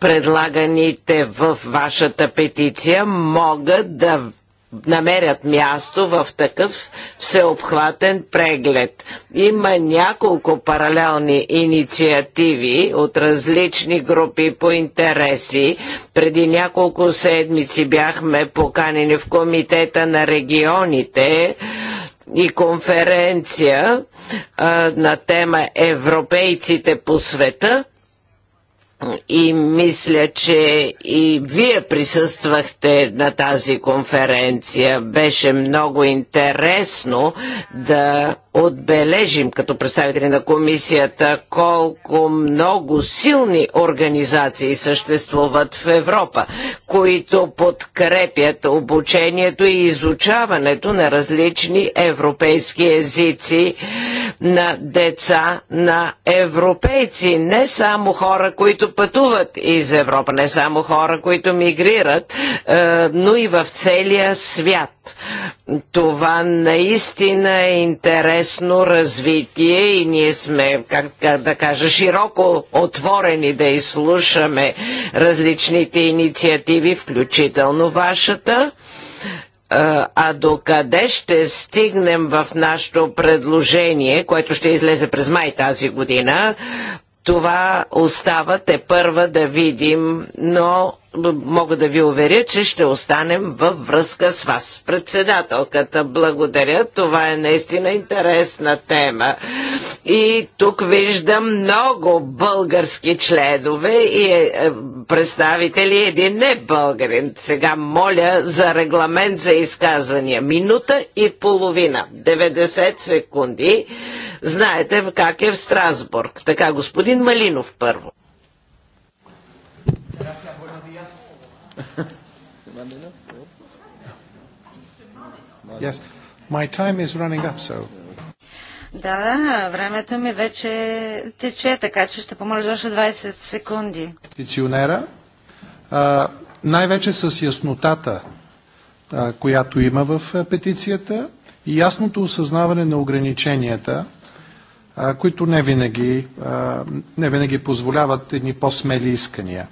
предлаганите в вашата петиция могат да намерят място в такъв всеобхватен преглед. Има няколко паралелни инициативи от различни групи по интереси. Преди няколко седмици бяхме поканени в Комитета на регионите и конференция а, на тема Европейците по света и мисля, че и вие присъствахте на тази конференция. Беше много интересно да отбележим като представители на комисията колко много силни организации съществуват в Европа, които подкрепят обучението и изучаването на различни европейски езици на деца на европейци. Не само хора, които пътуват из Европа, не само хора, които мигрират, е, но и в целия свят. Това наистина е интерес съвместно развитие и ние сме, как да кажа, широко отворени да изслушаме различните инициативи, включително вашата а до къде ще стигнем в нашето предложение, което ще излезе през май тази година, това остава те първа да видим, но мога да ви уверя, че ще останем във връзка с вас. Председателката, благодаря. Това е наистина интересна тема. И тук виждам много български членове и е, е, представители един не българин. Сега моля за регламент за изказвания. Минута и половина. 90 секунди. Знаете как е в Страсбург. Така, господин Малинов първо. Yes. My time is running up, so. Да, времето ми вече тече, така че ще помоля още 20 секунди. Пенсионера, най-вече с яснотата, а, която има в петицията и ясното осъзнаване на ограниченията, а, които не винаги, не винаги позволяват едни по-смели искания.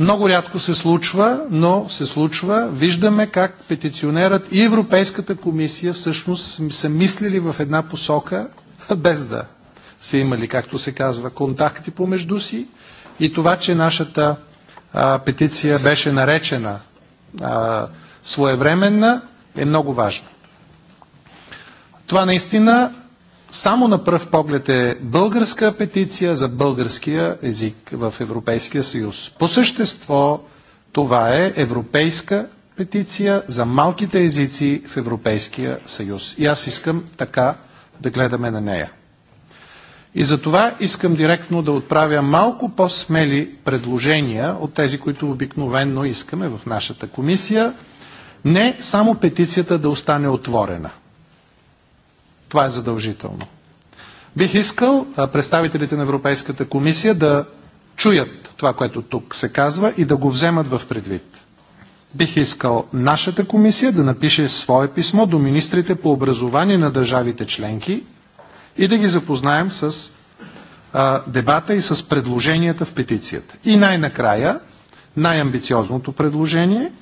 Много рядко се случва, но се случва. Виждаме как петиционерът и Европейската комисия всъщност са мислили в една посока, без да са имали, както се казва, контакти помежду си. И това, че нашата а, петиция беше наречена а, своевременна, е много важно. Това наистина само на пръв поглед е българска петиция за българския език в Европейския съюз. По същество това е европейска петиция за малките езици в Европейския съюз. И аз искам така да гледаме на нея. И за това искам директно да отправя малко по-смели предложения от тези, които обикновенно искаме в нашата комисия. Не само петицията да остане отворена – това е задължително. Бих искал представителите на Европейската комисия да чуят това, което тук се казва и да го вземат в предвид. Бих искал нашата комисия да напише свое писмо до министрите по образование на държавите членки и да ги запознаем с а, дебата и с предложенията в петицията. И най-накрая, най-амбициозното предложение,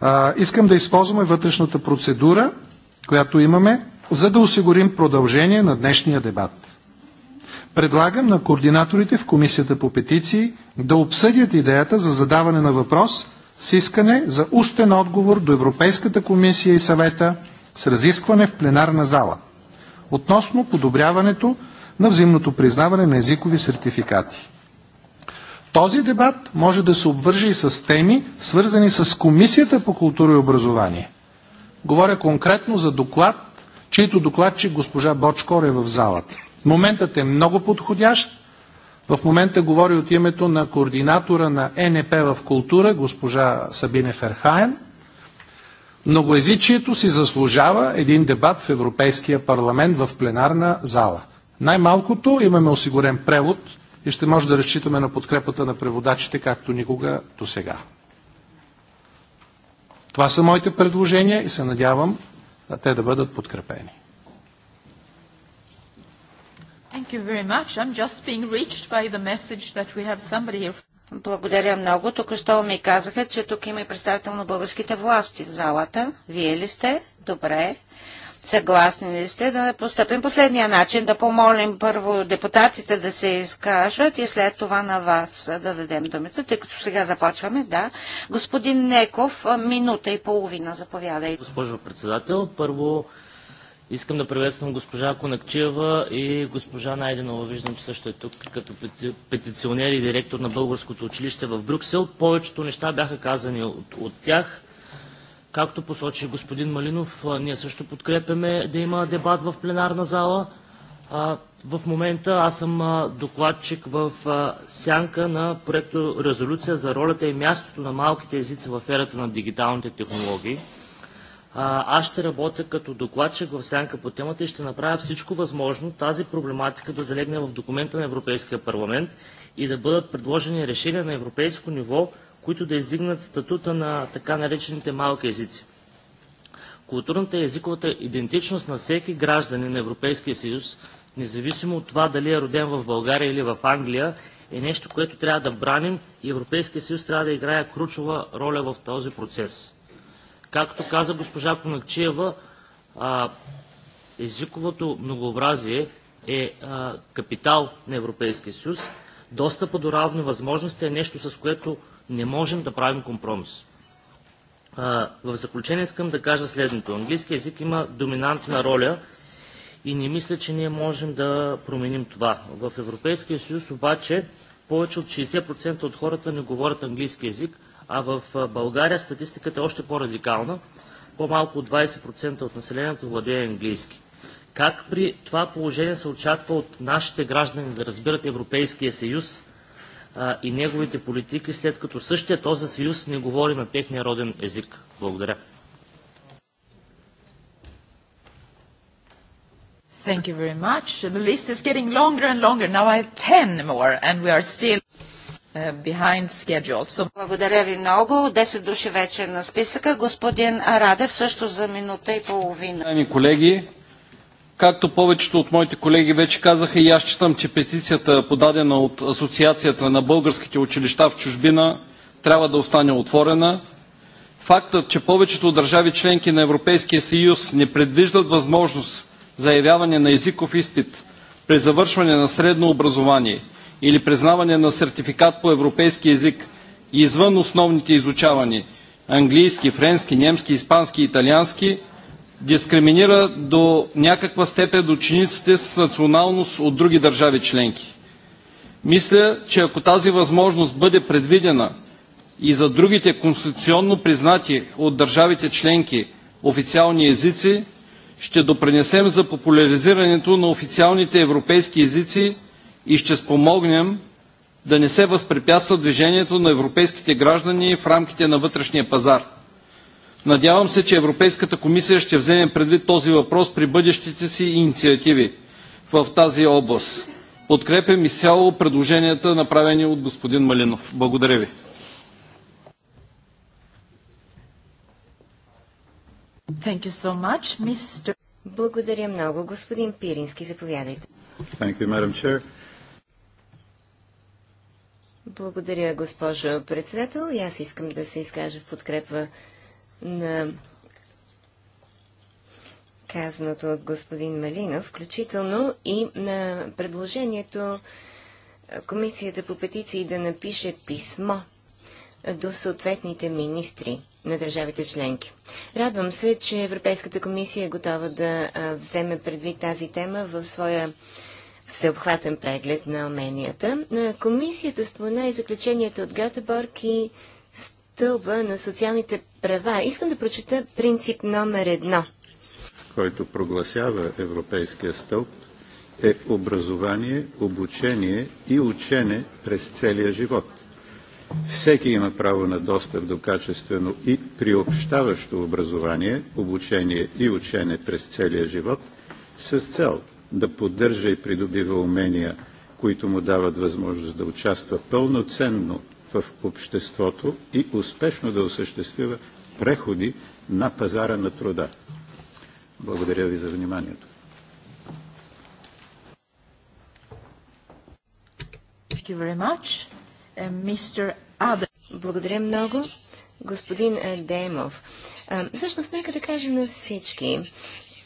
а, искам да използваме вътрешната процедура, която имаме за да осигурим продължение на днешния дебат. Предлагам на координаторите в Комисията по петиции да обсъдят идеята за задаване на въпрос с искане за устен отговор до Европейската комисия и съвета с разискване в пленарна зала относно подобряването на взаимното признаване на езикови сертификати. Този дебат може да се обвържи и с теми, свързани с Комисията по култура и образование. Говоря конкретно за доклад чието докладчик госпожа Бочкор е в залата. Моментът е много подходящ. В момента говори от името на координатора на НП в култура, госпожа Сабине Ферхаен. Многоязичието си заслужава един дебат в Европейския парламент в пленарна зала. Най-малкото имаме осигурен превод и ще може да разчитаме на подкрепата на преводачите, както никога до сега. Това са моите предложения и се надявам те да бъдат подкрепени. Thank you very much. I'm just being reached by the message that we have somebody here. Благодаря много. Тук що ми казаха, че тук има и представител на българските власти в залата. Вие ли сте? Добре. Съгласни ли сте да постъпим последния начин, да помолим първо депутатите да се изкажат и след това на вас да дадем думата, тъй като сега започваме, да. Господин Неков, минута и половина, заповядай. Госпожо председател, първо искам да приветствам госпожа Конакчиева и госпожа Найденова, виждам, че също е тук като петиционер и директор на Българското училище в Брюксел. Повечето неща бяха казани от, от тях. Както посочи господин Малинов, ние също подкрепяме да има дебат в пленарна зала. В момента аз съм докладчик в сянка на проекто резолюция за ролята и мястото на малките езици в ерата на дигиталните технологии. Аз ще работя като докладчик в сянка по темата и ще направя всичко възможно тази проблематика да залегне в документа на Европейския парламент и да бъдат предложени решения на европейско ниво, които да издигнат статута на така наречените малки езици. Културната и езиковата идентичност на всеки гражданин на Европейския съюз, независимо от това дали е роден в България или в Англия, е нещо, което трябва да браним и Европейския съюз трябва да играе ключова роля в този процес. Както каза госпожа Конакчиева, езиковото многообразие е капитал на Европейския съюз. Достъпа до равни възможности е нещо, с което не можем да правим компромис. В заключение искам да кажа следното. Английски язик има доминантна роля и не мисля, че ние можем да променим това. В Европейския съюз обаче повече от 60% от хората не говорят английски язик, а в България статистиката е още по-радикална. По-малко от 20% от населението владее английски. Как при това положение се очаква от нашите граждани да разбират Европейския съюз, а, и неговите политики, след като същия този съюз не говори на техния роден език. Благодаря. Thank you very much. The list is getting longer and longer. Now I have 10 more, and we are still uh, behind schedule. So... Благодаря ви много. 10 души вече е на списъка. Господин Радев също за минута и половина. Дами колеги, Както повечето от моите колеги вече казаха и аз считам, че петицията, подадена от Асоциацията на българските училища в чужбина, трябва да остане отворена. Фактът, че повечето държави членки на Европейския съюз не предвиждат възможност за явяване на езиков изпит при завършване на средно образование или признаване на сертификат по европейски език извън основните изучавани английски, френски, немски, испански и италиански – дискриминира до някаква степен учениците с националност от други държави членки. Мисля, че ако тази възможност бъде предвидена и за другите конституционно признати от държавите членки официални езици, ще допринесем за популяризирането на официалните европейски езици и ще спомогнем да не се възпрепятства движението на европейските граждани в рамките на вътрешния пазар. Надявам се, че Европейската комисия ще вземе предвид този въпрос при бъдещите си инициативи в тази област. Подкрепям изцяло предложенията, направени от господин Малинов. Благодаря ви. Thank you so much, Mr. Благодаря много. Господин Пирински, заповядайте. Thank you, Madam Chair. Благодаря, госпожо председател. И аз искам да се изкажа в подкрепа на казаното от господин Малинов, включително и на предложението Комисията по петиции да напише писмо до съответните министри на държавите членки. Радвам се, че Европейската комисия е готова да вземе предвид тази тема в своя всеобхватен преглед на уменията. Комисията спомена и заключенията от Гетеборг и стълба на социалните права. Искам да прочета принцип номер едно. Който прогласява Европейския стълб е образование, обучение и учене през целия живот. Всеки има право на достъп до качествено и приобщаващо образование, обучение и учене през целия живот с цел да поддържа и придобива умения, които му дават възможност да участва пълноценно в обществото и успешно да осъществява преходи на пазара на труда. Благодаря ви за вниманието. Благодаря много, господин Демов. Всъщност, нека да кажем на всички,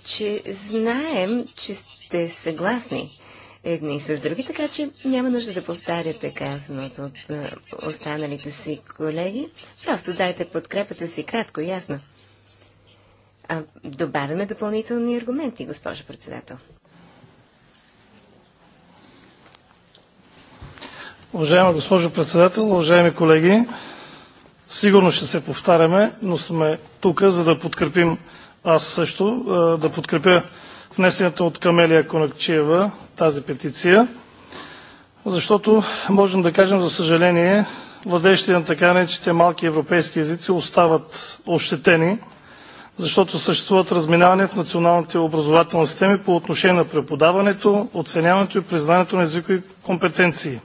че знаем, че сте съгласни едни с други, така че няма нужда да повтаряте казаното от е, останалите си колеги. Просто дайте подкрепата си кратко, ясно. А, добавяме допълнителни аргументи, госпожо председател. Уважаема госпожо председател, уважаеми колеги, сигурно ще се повтаряме, но сме тук, за да подкрепим аз също, е, да подкрепя внесената от Камелия Конакчиева тази петиция, защото можем да кажем, за съжаление, владещите на така наречените малки европейски езици остават ощетени, защото съществуват разминавания в националните образователни системи по отношение на преподаването, оценяването и признаването на езикови компетенции.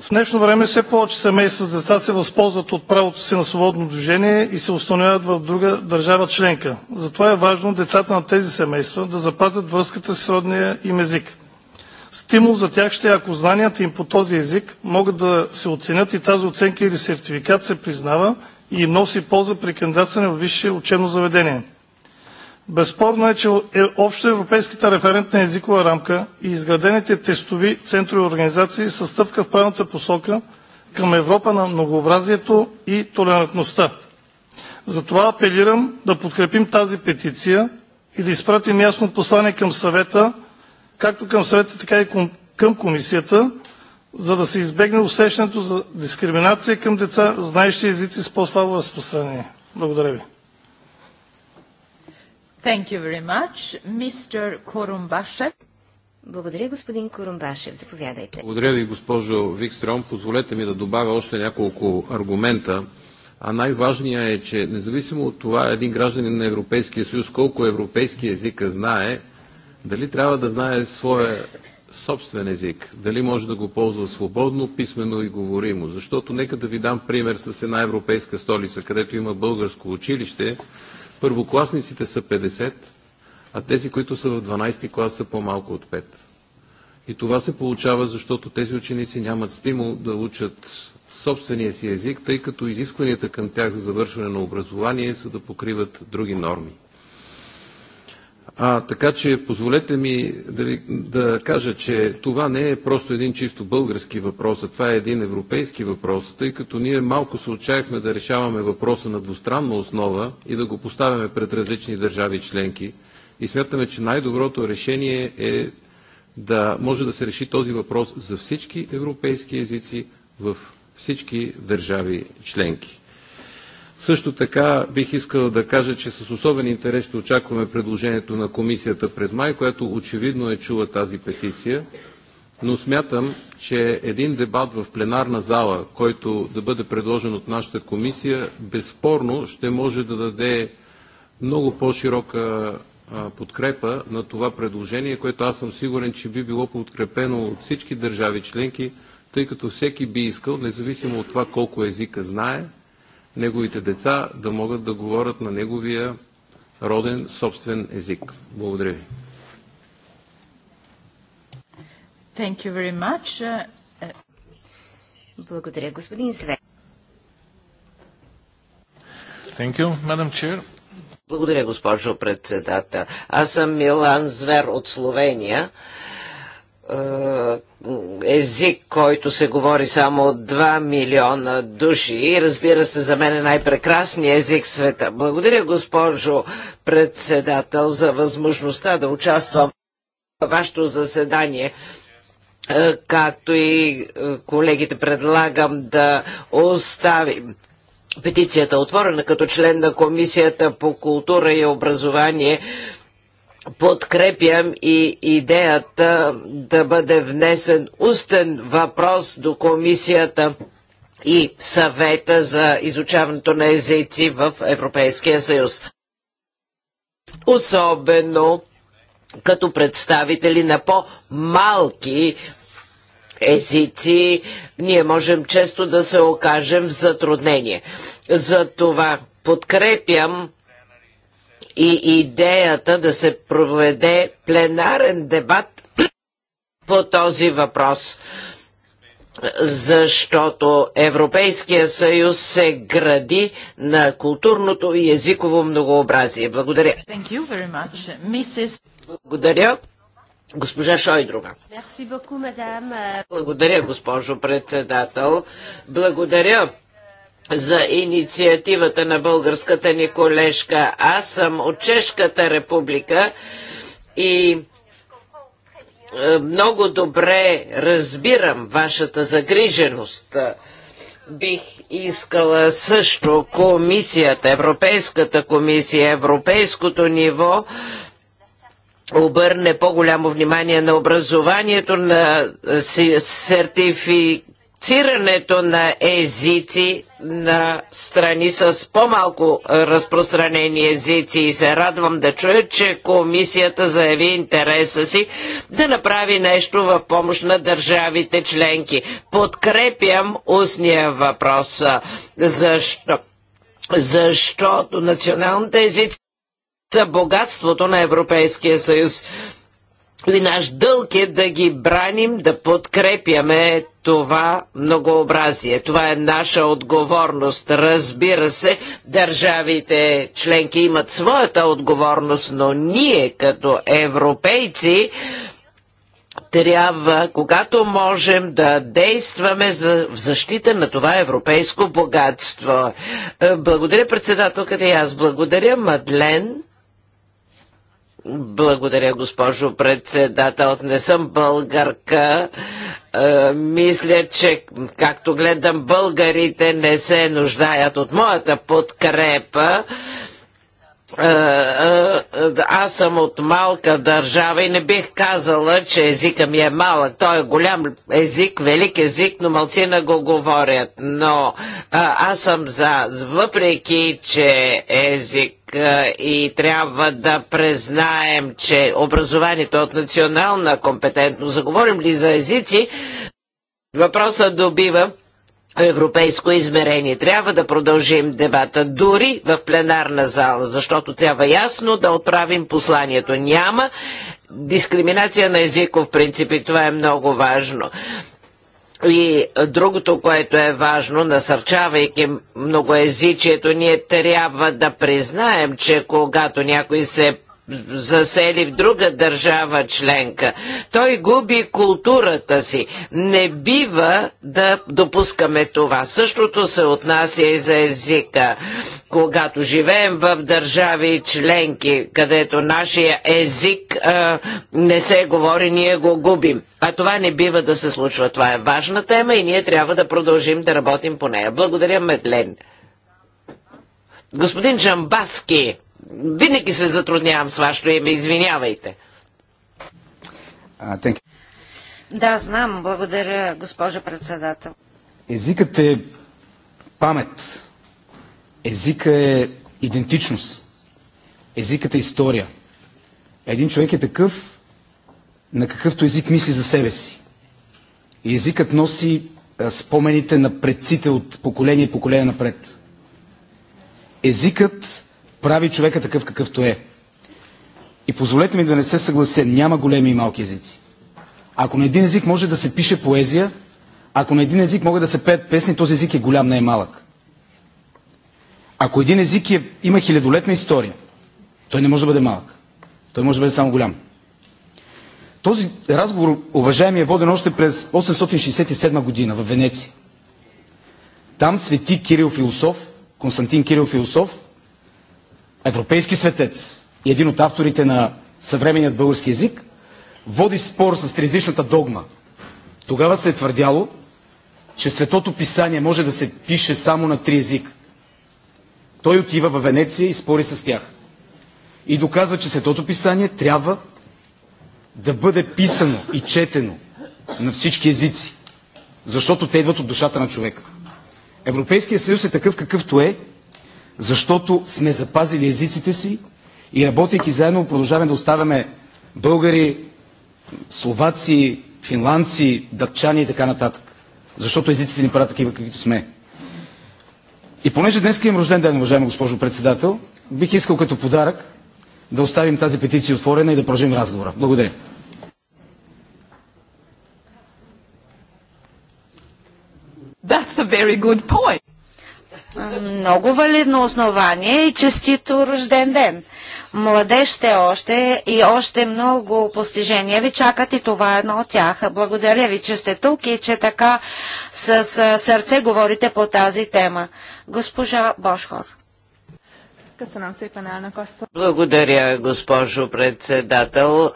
В днешно време все повече семейства с деца се възползват от правото си на свободно движение и се установяват в друга държава членка. Затова е важно децата на тези семейства да запазят връзката си с родния им език. Стимул за тях ще е, ако знанията им по този език могат да се оценят и тази оценка или сертификат се признава и им носи полза при кандидатстване в висше учебно заведение. Безспорно е, че е общоевропейската референтна езикова рамка и изградените тестови центрови организации са стъпка в правилната посока към Европа на многообразието и толерантността. Затова апелирам да подкрепим тази петиция и да изпратим ясно послание към Съвета, както към Съвета, така и към Комисията, за да се избегне усещането за дискриминация към деца, знаещи езици с по-слабо разпространение. Благодаря ви. Благодаря, господин Корумбашев. Заповядайте. Благодаря ви, госпожо Викстром. Позволете ми да добавя още няколко аргумента. А най-важният е, че независимо от това един гражданин на Европейския съюз, колко европейски езика знае, дали трябва да знае своя собствен език, дали може да го ползва свободно, писмено и говоримо. Защото нека да ви дам пример с една европейска столица, където има българско училище, Първокласниците са 50, а тези, които са в 12-ти клас, са по-малко от 5. И това се получава, защото тези ученици нямат стимул да учат собствения си език, тъй като изискванията към тях за завършване на образование са да покриват други норми. А, така че позволете ми да, ви, да кажа, че това не е просто един чисто български въпрос, а това е един европейски въпрос, тъй като ние малко се отчаяхме да решаваме въпроса на двустранна основа и да го поставяме пред различни държави членки. И смятаме, че най-доброто решение е да може да се реши този въпрос за всички европейски езици в всички държави членки. Също така бих искал да кажа, че с особен интерес ще очакваме предложението на комисията през май, която очевидно е чула тази петиция, но смятам, че един дебат в пленарна зала, който да бъде предложен от нашата комисия, безспорно ще може да даде много по-широка подкрепа на това предложение, което аз съм сигурен, че би било подкрепено от всички държави членки, тъй като всеки би искал, независимо от това колко езика знае, неговите деца да могат да говорят на неговия роден собствен език. Благодаря ви. Thank you very much. Uh, uh, Благодаря, господин Све. Thank you, Madam Chair. Благодаря, госпожо председател. Аз съм Милан Звер от Словения. Е, език, който се говори само от 2 милиона души и разбира се за мен е най-прекрасният език в света. Благодаря госпожо председател за възможността да участвам в вашето заседание е, както и е, колегите предлагам да оставим петицията отворена като член на Комисията по култура и образование подкрепям и идеята да бъде внесен устен въпрос до комисията и съвета за изучаването на езици в Европейския съюз. Особено като представители на по-малки езици, ние можем често да се окажем в затруднение. Затова подкрепям и идеята да се проведе пленарен дебат по този въпрос защото Европейския съюз се гради на културното и езиково многообразие. Благодаря. Благодаря. Госпожа Шойдрова. Благодаря, госпожо председател. Благодаря за инициативата на българската ни колежка. Аз съм от Чешката република и е, много добре разбирам вашата загриженост. Бих искала също комисията, Европейската комисия, европейското ниво обърне по-голямо внимание на образованието, на сертифи, цирането на езици на страни с по-малко разпространени езици и се радвам да чуя, че комисията заяви интереса си да направи нещо в помощ на държавите членки. Подкрепям устния въпрос. Защо? Защото националните езици са богатството на Европейския съюз. И наш дълг е да ги браним, да подкрепяме това многообразие. Това е наша отговорност. Разбира се, държавите членки имат своята отговорност, но ние като европейци трябва, когато можем да действаме за, в защита на това европейско богатство. Благодаря председателката и аз благодаря Мадлен. Благодаря, госпожо председател. Не съм българка. Е, мисля, че както гледам, българите не се нуждаят от моята подкрепа е, е, аз съм от малка държава и не бих казала, че езика ми е малък. Той е голям език, велик език, но малцина го говорят. Но аз съм за, въпреки, че език е, и трябва да признаем, че образованието е от национална компетентност. Заговорим ли за езици? Въпросът добива европейско измерение. Трябва да продължим дебата дори в пленарна зала, защото трябва ясно да отправим посланието. Няма дискриминация на езиков принцип и това е много важно. И другото, което е важно, насърчавайки многоезичието, ние трябва да признаем, че когато някой се засели в друга държава членка. Той губи културата си. Не бива да допускаме това. Същото се отнася и за езика. Когато живеем в държави членки, където нашия език а, не се говори, ние го губим. А това не бива да се случва. Това е важна тема и ние трябва да продължим да работим по нея. Благодаря, Медлен. Господин Джамбаски. Винаги се затруднявам с вашето име, извинявайте. Uh, да, знам. Благодаря, госпожо председател. Езикът е памет. Езика е идентичност. Езикът е история. Един човек е такъв, на какъвто език мисли за себе си. И езикът носи спомените на предците от поколение и поколение напред. Езикът прави човека такъв какъвто е. И позволете ми да не се съглася, няма големи и малки езици. Ако на един език може да се пише поезия, ако на един език могат да се пеят песни, този език е голям, не е малък. Ако един език е, има хилядолетна история, той не може да бъде малък. Той може да бъде само голям. Този разговор, уважаеми, е воден още през 867 година в Венеция. Там свети Кирил Философ, Константин Кирил Философ, европейски светец и един от авторите на съвременният български язик, води спор с тризичната догма. Тогава се е твърдяло, че Светото писание може да се пише само на три езика. Той отива във Венеция и спори с тях. И доказва, че Светото писание трябва да бъде писано и четено на всички езици, защото те идват от душата на човека. Европейския съюз е такъв какъвто е защото сме запазили езиците си и работейки заедно продължаваме да оставяме българи, словаци, финландци, датчани и така нататък. Защото езиците ни правят такива, каквито сме. И понеже днес имам рожден ден, уважаема госпожо председател, бих искал като подарък да оставим тази петиция отворена и да продължим разговора. Благодаря. That's a very good point много валидно основание и честито рожден ден. Младеж сте още и още много постижения ви чакат и това е едно от тях. Благодаря ви, че сте тук и че така с, с сърце говорите по тази тема. Госпожа Бошхор. Благодаря, госпожо председател.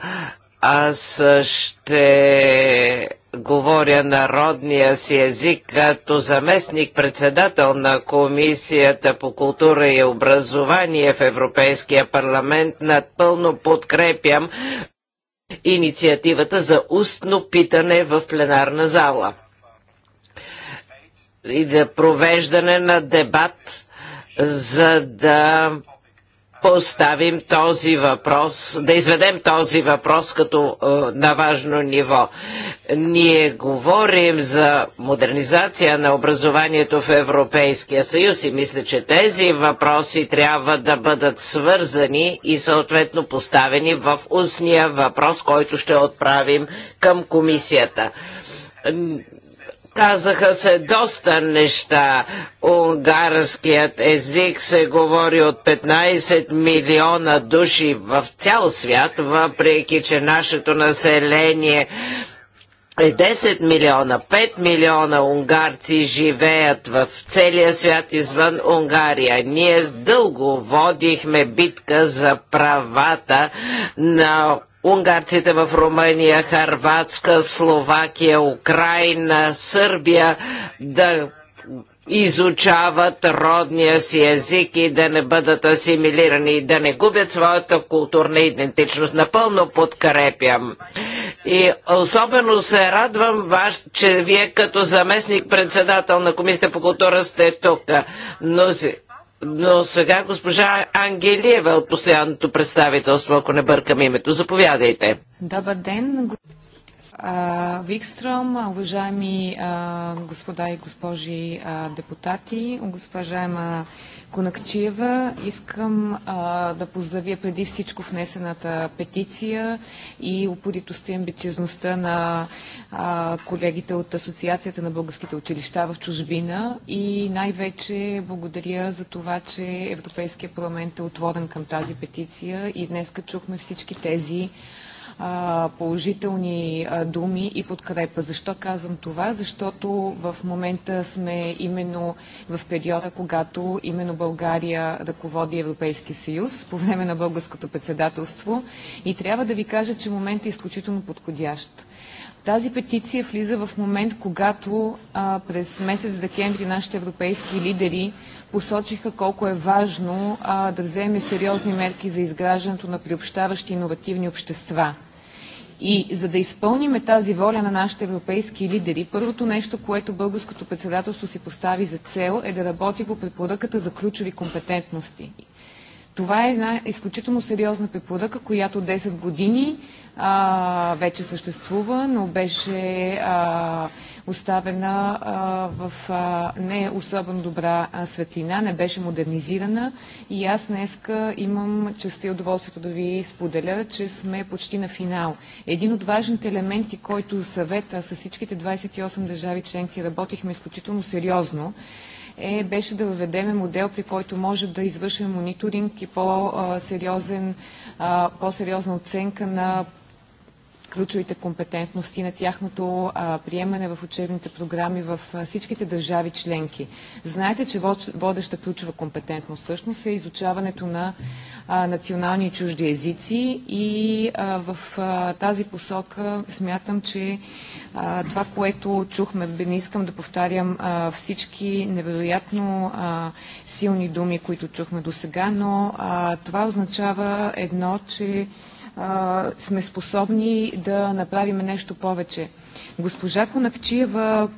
Аз ще говоря народния си език като заместник-председател на Комисията по култура и образование в Европейския парламент. Напълно подкрепям инициативата за устно питане в пленарна зала и да провеждане на дебат, за да поставим този въпрос, да изведем този въпрос като е, на важно ниво. Ние говорим за модернизация на образованието в Европейския съюз и мисля, че тези въпроси трябва да бъдат свързани и съответно поставени в устния въпрос, който ще отправим към комисията Казаха се доста неща. Унгарският език се говори от 15 милиона души в цял свят, въпреки че нашето население е 10 милиона, 5 милиона унгарци живеят в целия свят извън Унгария. Ние дълго водихме битка за правата на унгарците в Румъния, Харватска, Словакия, Украина, Сърбия да изучават родния си език и да не бъдат асимилирани и да не губят своята културна идентичност. Напълно подкрепям. И особено се радвам, че вие като заместник председател на Комисията по култура сте тук. Но но сега госпожа Ангелиева от постоянното представителство, ако не бъркам името. Заповядайте. Добър ден, Викстром, уважаеми господа и госпожи депутати, госпожаема Конакчиева. Искам а, да поздравя преди всичко внесената петиция и упоритостта и амбициозността на а, колегите от Асоциацията на българските училища в чужбина и най-вече благодаря за това, че Европейския парламент е отворен към тази петиция и днес чухме всички тези положителни думи и подкрепа. Защо казвам това? Защото в момента сме именно в периода, когато именно България ръководи Европейски съюз по време на българското председателство и трябва да ви кажа, че моментът е изключително подходящ. Тази петиция влиза в момент, когато а, през месец декември нашите европейски лидери посочиха колко е важно а, да вземе сериозни мерки за изграждането на приобщаващи иновативни общества. И за да изпълниме тази воля на нашите европейски лидери, първото нещо, което българското председателство си постави за цел е да работи по препоръката за ключови компетентности. Това е една изключително сериозна препоръка, която 10 години а, вече съществува, но беше а, оставена а, в а, не е особено добра а, светлина, не беше модернизирана и аз днеска имам честа и удоволствието да ви споделя, че сме почти на финал. Един от важните елементи, който съвета с всичките 28 държави членки работихме изключително сериозно, е, беше да въведеме модел, при който може да извършим мониторинг и по по-сериозна оценка на ключовите компетентности, на тяхното а, приемане в учебните програми в а, всичките държави членки. Знаете, че водеща ключова компетентност всъщност е изучаването на а, национални и чужди езици и а, в а, тази посока смятам, че а, това, което чухме, не искам да повтарям а, всички невероятно а, силни думи, които чухме до сега, но а, това означава едно, че сме способни да направим нещо повече. Госпожа Конакчиева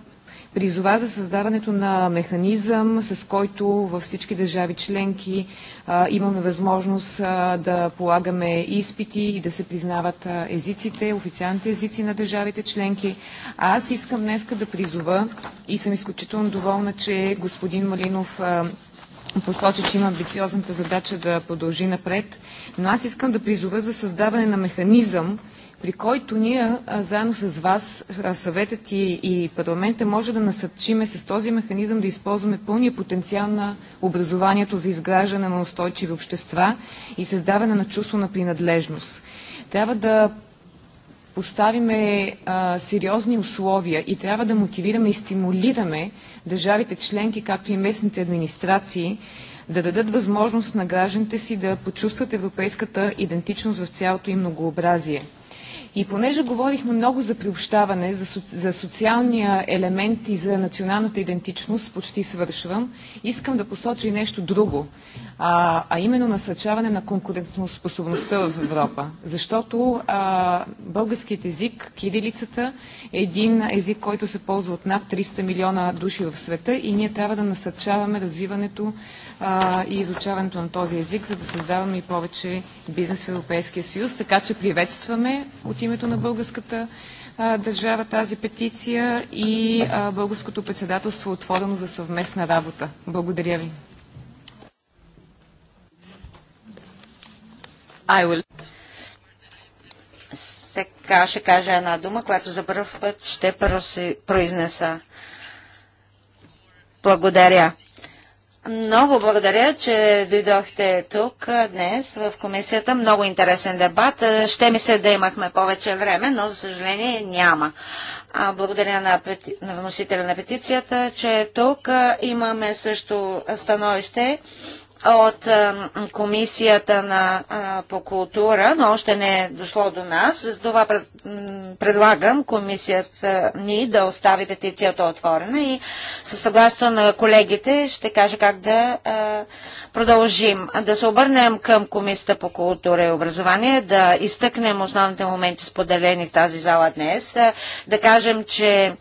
призова за създаването на механизъм, с който във всички държави членки а, имаме възможност а, да полагаме изпити и да се признават а, езиците, официалните езици на държавите членки. А аз искам днеска да призова и съм изключително доволна, че господин Малинов а, посочи, че има амбициозната задача да продължи напред, но аз искам да призова за създаване на механизъм, при който ние заедно с вас, съветът и, и парламента, може да насърчиме с този механизъм да използваме пълния потенциал на образованието за изграждане на устойчиви общества и създаване на чувство на принадлежност. Трябва да поставиме а, сериозни условия и трябва да мотивираме и стимулираме държавите членки, както и местните администрации, да дадат възможност на гражданите си да почувстват европейската идентичност в цялото им многообразие. И понеже говорихме много за приобщаване, за, со, за социалния елемент и за националната идентичност, почти свършвам, искам да посоча и нещо друго, а, а именно насърчаване на конкурентоспособността в Европа. Защото а, българският език, кирилицата, един език, който се ползва от над 300 милиона души в света и ние трябва да насърчаваме развиването а, и изучаването на този език, за да създаваме и повече бизнес в Европейския съюз. Така че приветстваме от името на българската държава тази петиция и а, българското председателство е отворено за съвместна работа. Благодаря ви. I will така ще кажа една дума, която за първ път ще произнеса. Благодаря. Много благодаря, че дойдохте тук днес в комисията. Много интересен дебат. Ще ми се да имахме повече време, но за съжаление няма. Благодаря на, пети... на вносителя на петицията, че е тук. Имаме също становище от Комисията на, а, по култура, но още не е дошло до нас. За това пред, предлагам Комисията ни да остави петицията отворена и със съгласно на колегите ще кажа как да а, продължим. Да се обърнем към Комисията по култура и образование, да изтъкнем основните моменти споделени в тази зала днес, а, да кажем, че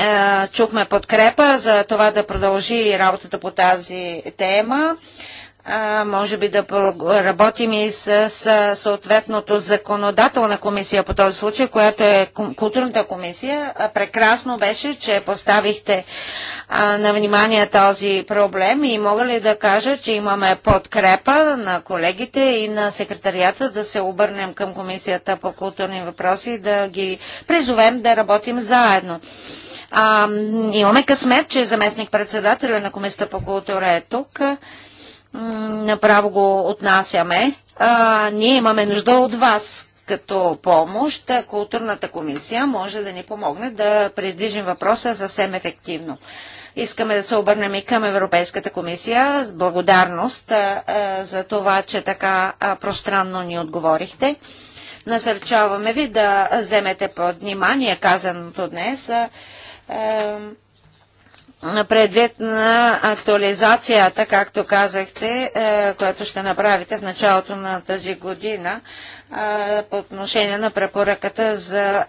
е, чухме подкрепа за това да продължи работата по тази тема. А, е, може би да работим и с, с съответното законодателна комисия по този случай, която е културната комисия. Прекрасно беше, че поставихте а, на внимание този проблем и мога ли да кажа, че имаме подкрепа на колегите и на секретарията да се обърнем към комисията по културни въпроси и да ги призовем да работим заедно. А, имаме късмет, че заместник председателя на Комисията по култура е тук. Направо го отнасяме. А, ние имаме нужда от вас като помощ. Културната комисия може да ни помогне да предвижим въпроса съвсем ефективно искаме да се обърнем и към Европейската комисия с благодарност а, за това, че така а, пространно ни отговорихте. Насърчаваме ви да вземете под внимание казаното днес предвид на актуализацията, както казахте, е, която ще направите в началото на тази година е, по отношение на препоръката за е,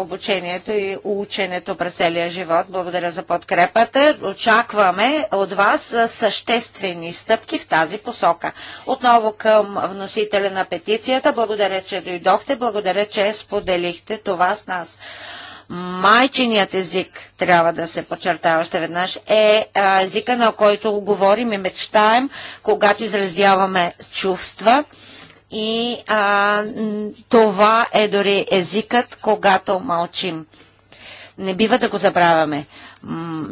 обучението и ученето през целия живот. Благодаря за подкрепата. Очакваме от вас съществени стъпки в тази посока. Отново към вносителя на петицията. Благодаря, че дойдохте. Благодаря, че споделихте това с нас майченият език трябва да се подчертава още веднъж, е езика, на който говорим и мечтаем, когато изразяваме чувства. И а, това е дори езикът, когато мълчим. Не бива да го забравяме.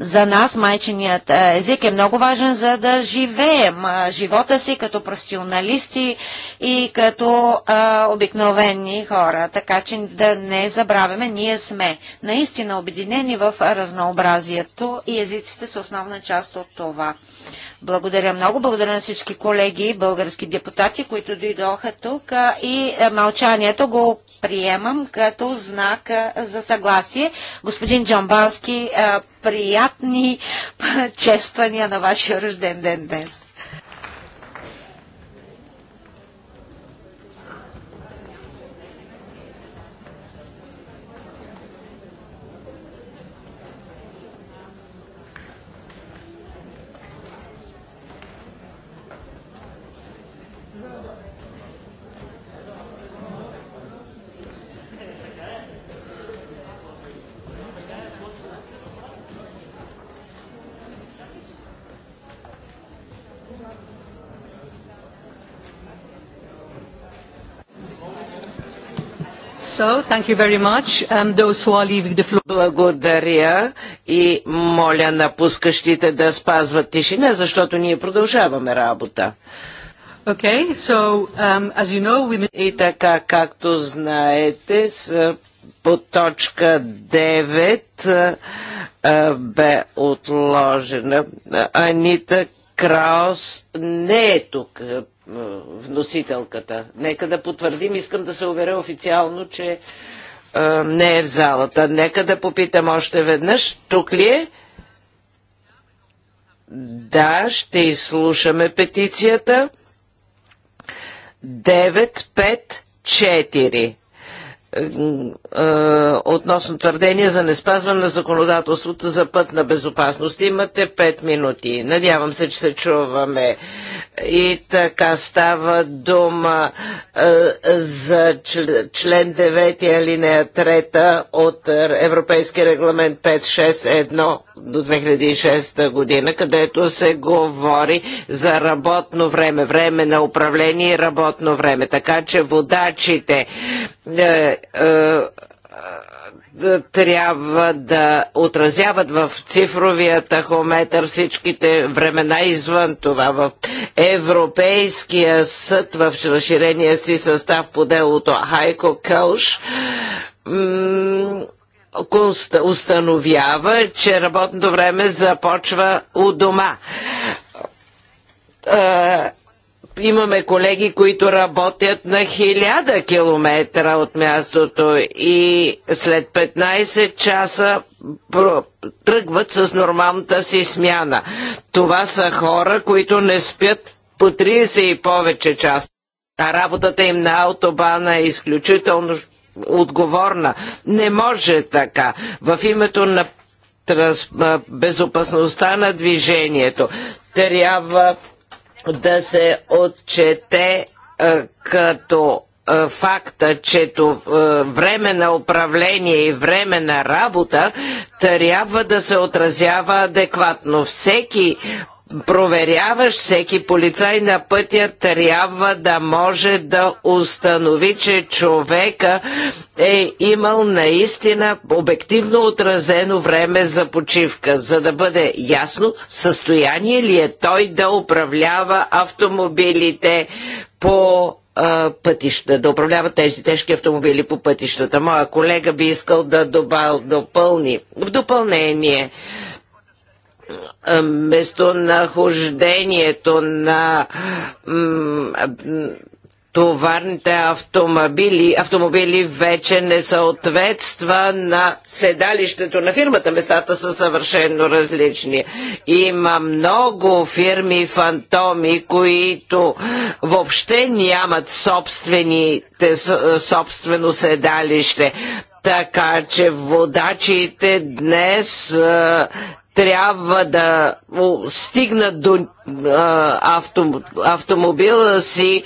За нас майченият е, език е много важен, за да живеем живота си като професионалисти и като а, обикновени хора. Така че да не забравяме, ние сме наистина обединени в разнообразието и езиците са основна част от това. Благодаря много. Благодаря на всички колеги, български депутати, които дойдоха тук и мълчанието го приемам като знак за съгласие. Господин Джамбански приятни (laughs) чествания на вашия рожден ден днес. So, um, floor... Благодаря и моля напускащите да спазват тишина, защото ние продължаваме работа. Okay, so, um, you know, we... И така, както знаете, с, по точка 9 бе отложена. Анита Краус не е тук вносителката. Нека да потвърдим, искам да се уверя официално, че а, не е в залата. Нека да попитам още веднъж, тук ли е? Да, ще изслушаме петицията. 954. Е, е, относно твърдения за неспазване на законодателството за път на безопасност. Имате 5 минути. Надявам се, че се чуваме. И така става дума е, за член 9 алинея 3 от Европейски регламент 561 до 2006 година, където се говори за работно време, време на управление и работно време. Така че водачите е, е, е, трябва да отразяват в цифровия тахометър всичките времена извън това в Европейския съд в разширения си състав по делото Хайко Кълш установява, че работното време започва у дома имаме колеги, които работят на хиляда километра от мястото и след 15 часа тръгват с нормалната си смяна. Това са хора, които не спят по 30 и повече часа. А работата им на автобана е изключително отговорна. Не може така. В името на транс... безопасността на движението трябва да се отчете е, като е, факта, че е, време на управление и време на работа трябва да се отразява адекватно. Всеки Проверяваш всеки полицай на пътя трябва да може да установи, че човека е имал наистина обективно отразено време за почивка, за да бъде ясно състояние ли е той да управлява автомобилите по пътища, да управлява тези тежки автомобили по пътищата. Моя колега би искал да добав, допълни. В допълнение, е, местонахождението на товарните автомобили, автомобили вече не съответства на седалището на фирмата. Местата са съвършено различни. Има много фирми фантоми, които въобще нямат собствените, е, собствено седалище. Така че водачите днес е, трябва да стигнат до авто, автомобила си,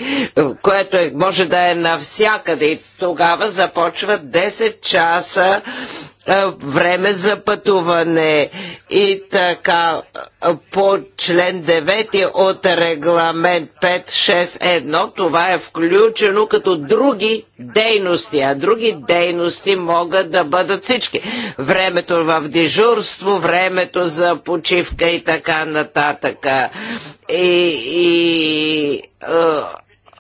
което е, може да е навсякъде. И тогава започват 10 часа е, време за пътуване и така по член 9 от регламент 561 това е включено като други дейности, а други дейности могат да бъдат всички. Времето в дежурство, времето за почивка и така нататък. И, и е,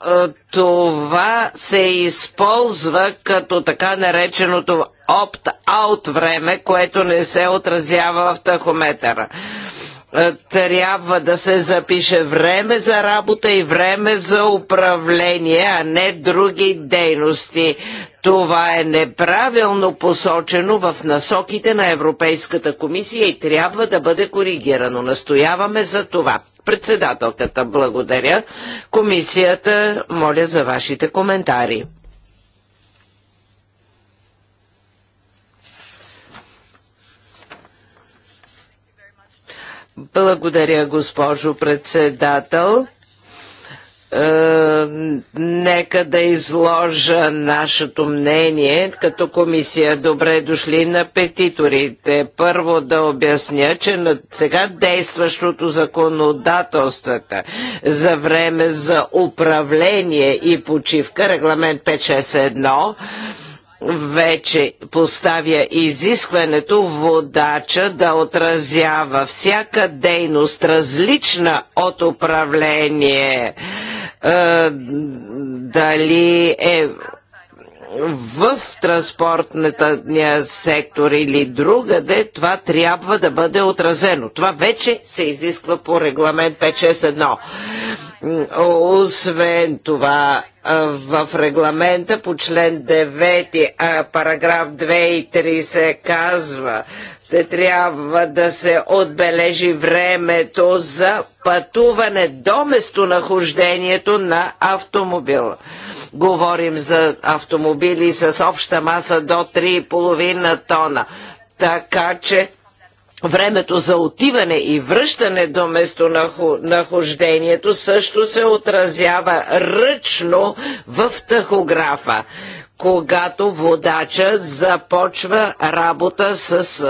е, това се използва като така нареченото опт-аут време, което не се отразява в тахометъра е, трябва да се запише време за работа и време за управление, а не други дейности. Това е неправилно посочено в насоките на Европейската комисия и трябва да бъде коригирано. Настояваме за това. Председателката, благодаря. Комисията, моля за вашите коментари. Благодаря, госпожо председател. Е, нека да изложа нашето мнение като комисия. Добре дошли на петиторите. Първо да обясня, че на сега действащото законодателствата за време за управление и почивка, регламент 561, вече поставя изискването водача да отразява всяка дейност, различна от управление. Е, дали е в транспортния сектор или другаде, това трябва да бъде отразено. Това вече се изисква по регламент 561. Освен това, в регламента по член 9, параграф 2 и 3 се казва, те трябва да се отбележи времето за пътуване до местонахождението на автомобила. Говорим за автомобили с обща маса до 3,5 тона. Така че Времето за отиване и връщане до местонахождението също се отразява ръчно в тахографа, когато водача започва работа с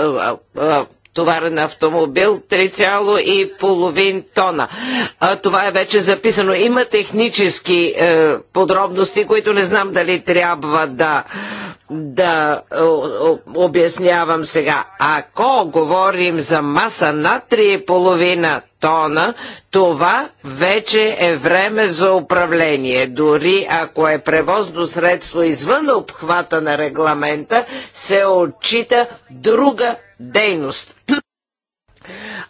товарен автомобил 3,5 тона. А, това е вече записано. Има технически е, подробности, които не знам дали трябва да, да обяснявам сега. Ако говорим за маса на 3,5 тона, това вече е време за управление. Дори ако е превозно средство извън обхвата на регламента, се отчита друга дейност.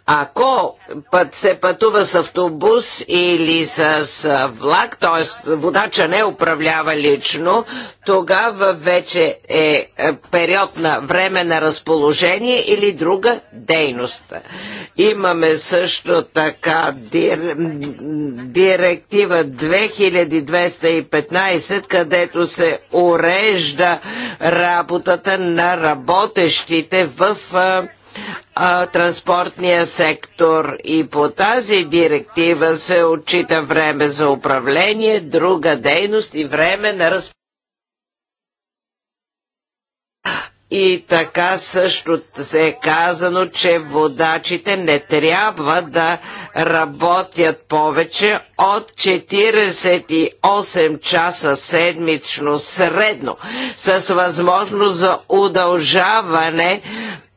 Ако път се пътува с автобус или с влак, т.е. водача не управлява лично, тогава вече е, е период на време на разположение или друга дейност. Имаме също така дир... директива 2215, където се урежда работата на работещите в а, транспортния сектор и по тази директива се отчита време за управление, друга дейност и време на разпределение. И така също се е казано, че водачите не трябва да работят повече от 48 часа седмично средно, с възможност за удължаване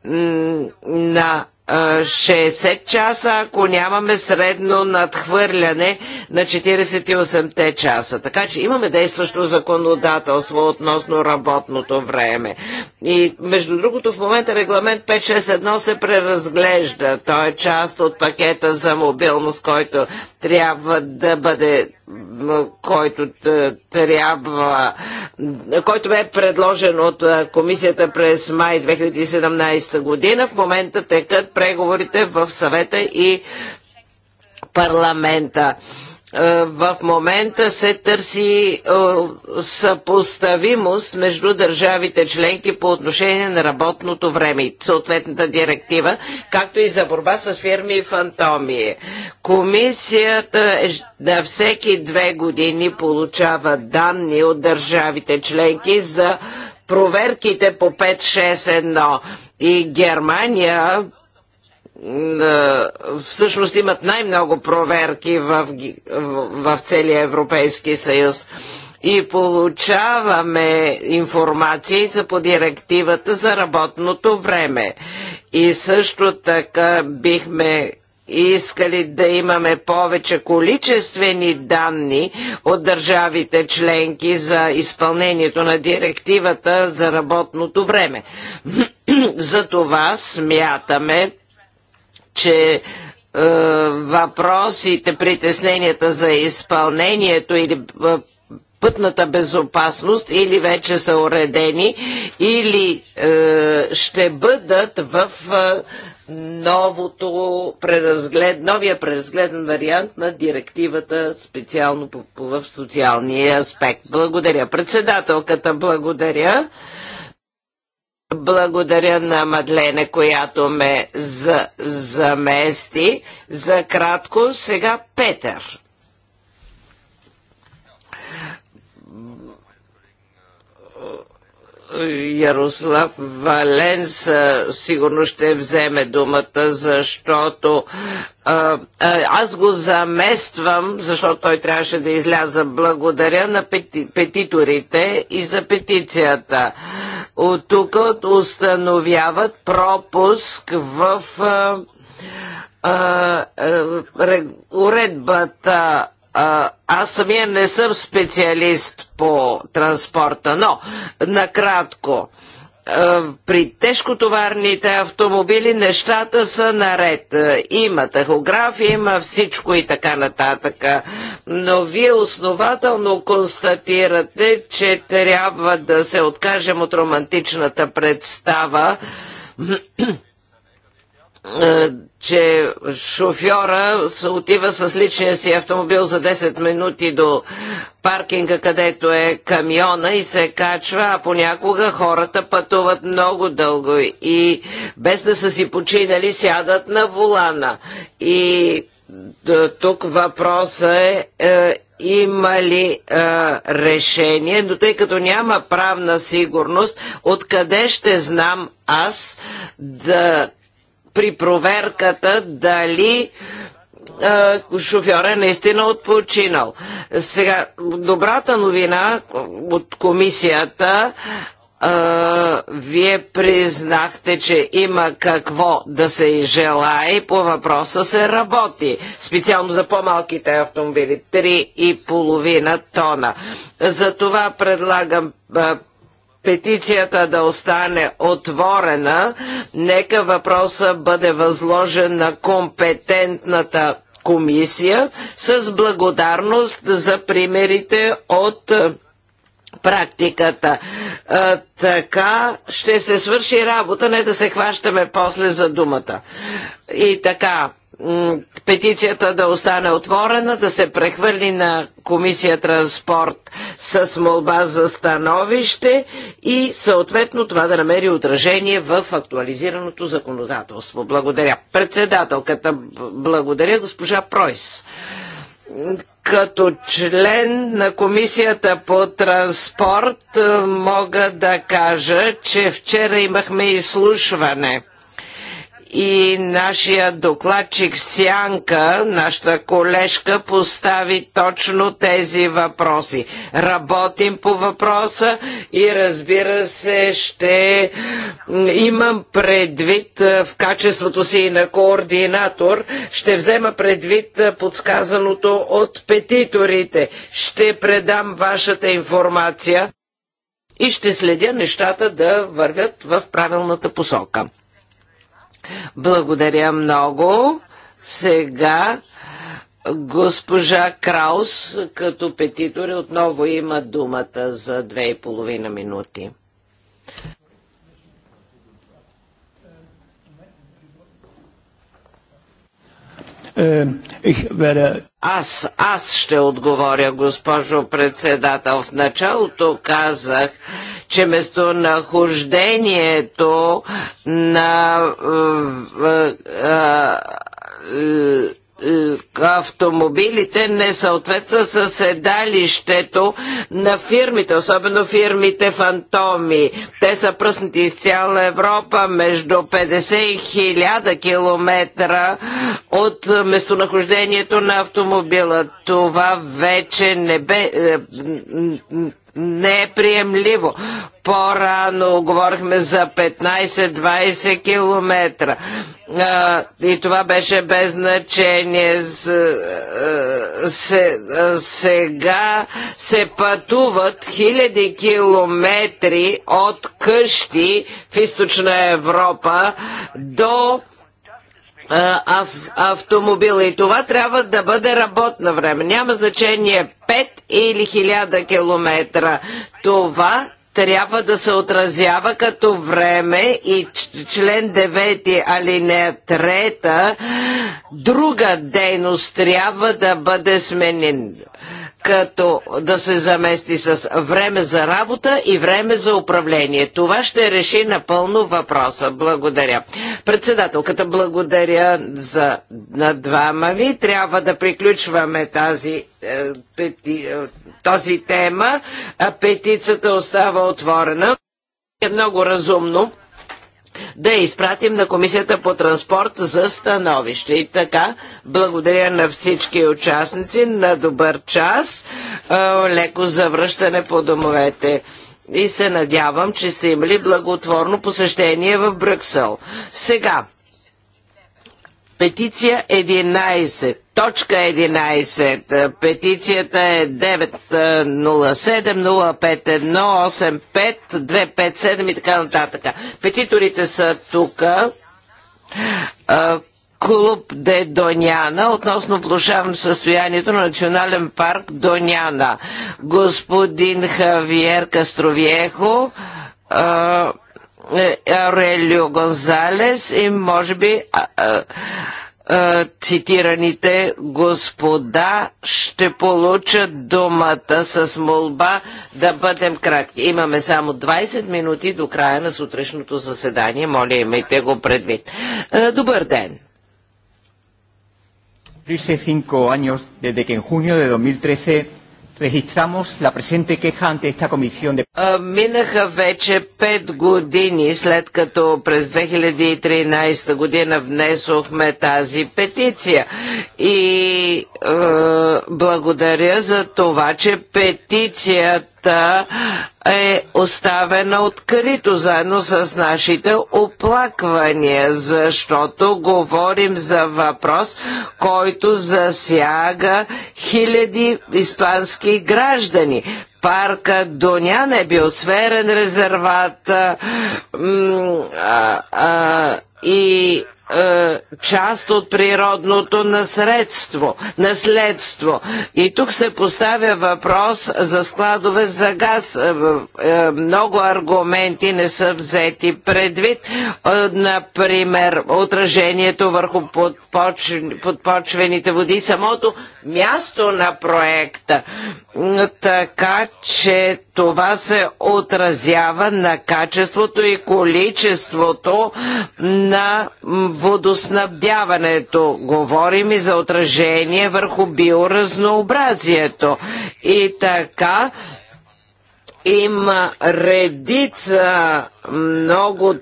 на 60 часа, ако нямаме средно надхвърляне на 48-те часа. Така че имаме действащо законодателство относно работното време. И между другото в момента регламент 561 се преразглежда. Той е част от пакета за мобилност, който трябва да бъде който е, трябва, който бе предложен от е, комисията през май 2017 година. В момента текат преговорите в съвета и парламента е, в момента се търси е, съпоставимост между държавите членки по отношение на работното време и съответната директива, както и за борба с фирми и фантоми. Комисията на е всеки две години получава данни от държавите членки за проверките по 561 и Германия всъщност имат най-много проверки в, в, в целия Европейски съюз и получаваме информации за по директивата за работното време. И също така бихме искали да имаме повече количествени данни от държавите членки за изпълнението на директивата за работното време. (clears throat) Затова смятаме, че е, въпросите, притесненията за изпълнението или е, пътната безопасност или вече са уредени, или е, ще бъдат в е, новото преразглед, новия преразгледен вариант на директивата специално по, по, в социалния аспект. Благодаря. Председателката, благодаря. Благодаря на Мадлене, която ме за, замести. За кратко сега Петър. Ярослав Валенс сигурно ще вземе думата, защото а, аз го замествам, защото той трябваше да изляза. Благодаря на пети, петиторите и за петицията. От тук установяват пропуск в а, а, уредбата аз самия не съм специалист по транспорта, но накратко при тежкотоварните автомобили нещата са наред. Има тахограф, има всичко и така нататък. Но вие основателно констатирате, че трябва да се откажем от романтичната представа, е, че шофьора отива с личния си автомобил за 10 минути до паркинга, където е камиона и се качва, а понякога хората пътуват много дълго и без да са си починали сядат на волана. И тук въпросът е, е има ли е, решение, но тъй като няма правна сигурност, откъде ще знам аз да при проверката дали шофьора е наистина отпочинал. Сега, добрата новина от комисията а, вие признахте, че има какво да се желае и по въпроса се работи. Специално за по-малките автомобили. 3,5 тона. За това предлагам а, петицията да остане отворена, нека въпроса бъде възложен на компетентната комисия с благодарност за примерите от е, практиката. А, така ще се свърши работа, не да се хващаме после за думата. И така, петицията да остане отворена, да се прехвърли на комисия транспорт с молба за становище и съответно това да намери отражение в актуализираното законодателство. Благодаря. Председателката, благодаря госпожа Пройс като член на комисията по транспорт мога да кажа, че вчера имахме изслушване и нашия докладчик Сянка, нашата колежка, постави точно тези въпроси. Работим по въпроса и разбира се ще имам предвид в качеството си на координатор, ще взема предвид подсказаното от петиторите. Ще предам вашата информация и ще следя нещата да вървят в правилната посока. Благодаря много. Сега госпожа Краус като петитор отново има думата за две и половина минути. Аз, аз ще отговоря, госпожо председател. В началото казах, че местонахождението на е, автомобилите не съответства с седалището на фирмите, особено фирмите фантоми. Те са пръснати из цяла Европа между 50 и 1000 км от местонахождението на автомобила. Това вече не бе... Е, не е приемливо. По-рано говорихме за 15-20 километра. И това беше без значение. Сега се пътуват хиляди километри от къщи в източна Европа до ав, автомобила и това трябва да бъде работна време. Няма значение 5 или 1000 километра. Това трябва да се отразява като време и член 9 алинея 3 друга дейност трябва да бъде сменен като да се замести с време за работа и време за управление. Това ще реши напълно въпроса. Благодаря. Председателката, благодаря за, на двама ви. Трябва да приключваме тази, е, пети, е, тази тема. Петицата остава отворена. Е много разумно да я изпратим на Комисията по транспорт за становище. И така, благодаря на всички участници, на добър час, леко завръщане по домовете и се надявам, че сте имали благотворно посещение в Брюксел. Сега, петиция 11 Точка 11. Петицията е 907 257 и така нататък. Петиторите са тук. Клуб Де Доняна относно влушавам състоянието на Национален парк Доняна. Господин Хавиер Кастровиехо, е, Аурелио Гонзалес и може би а, а, цитираните господа ще получат думата с молба да бъдем кратки. Имаме само 20 минути до края на сутрешното заседание. Моля, имайте го предвид. Добър ден! 35 años desde que en junio de 2013 la presente queja ante esta de... Минаха вече 5 години след като през 2013 година внесохме тази петиция. И е, благодаря за това, че петицията Петицията е оставена открито заедно с нашите оплаквания, защото говорим за въпрос, който засяга хиляди испански граждани. Парка Донян е биосферен резерват а, а, и е, част от природното наследство, наследство. И тук се поставя въпрос за складове за газ. Е, е, много аргументи не са взети предвид. Например, отражението върху подпочвените води, самото място на проекта. Така че това се отразява на качеството и количеството на водоснабдяването. Говорим и за отражение върху биоразнообразието. И така има редица много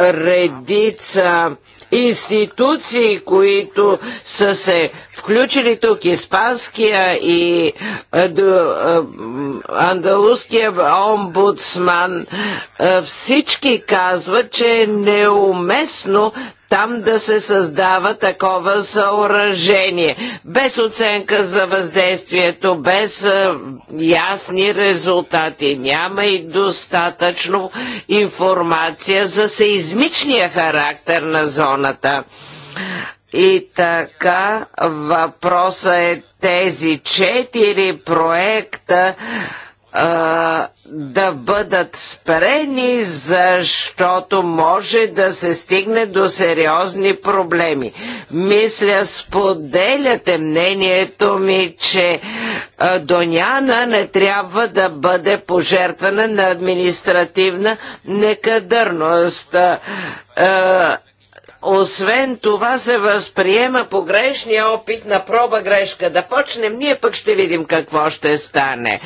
редица институции, които са се включили тук, испанския и андалуския омбудсман, всички казват, че е неуместно там да се създава такова съоръжение, без оценка за въздействието, без ясни резултати. Няма и достатъчно информация информация за сеизмичния характер на зоната. И така въпросът е тези четири проекта а, да бъдат спрени, защото може да се стигне до сериозни проблеми. Мисля, споделяте мнението ми, че Доняна не трябва да бъде пожертвана на административна некадърност. Освен това се възприема погрешния опит на проба грешка. Да почнем, ние пък ще видим какво ще стане.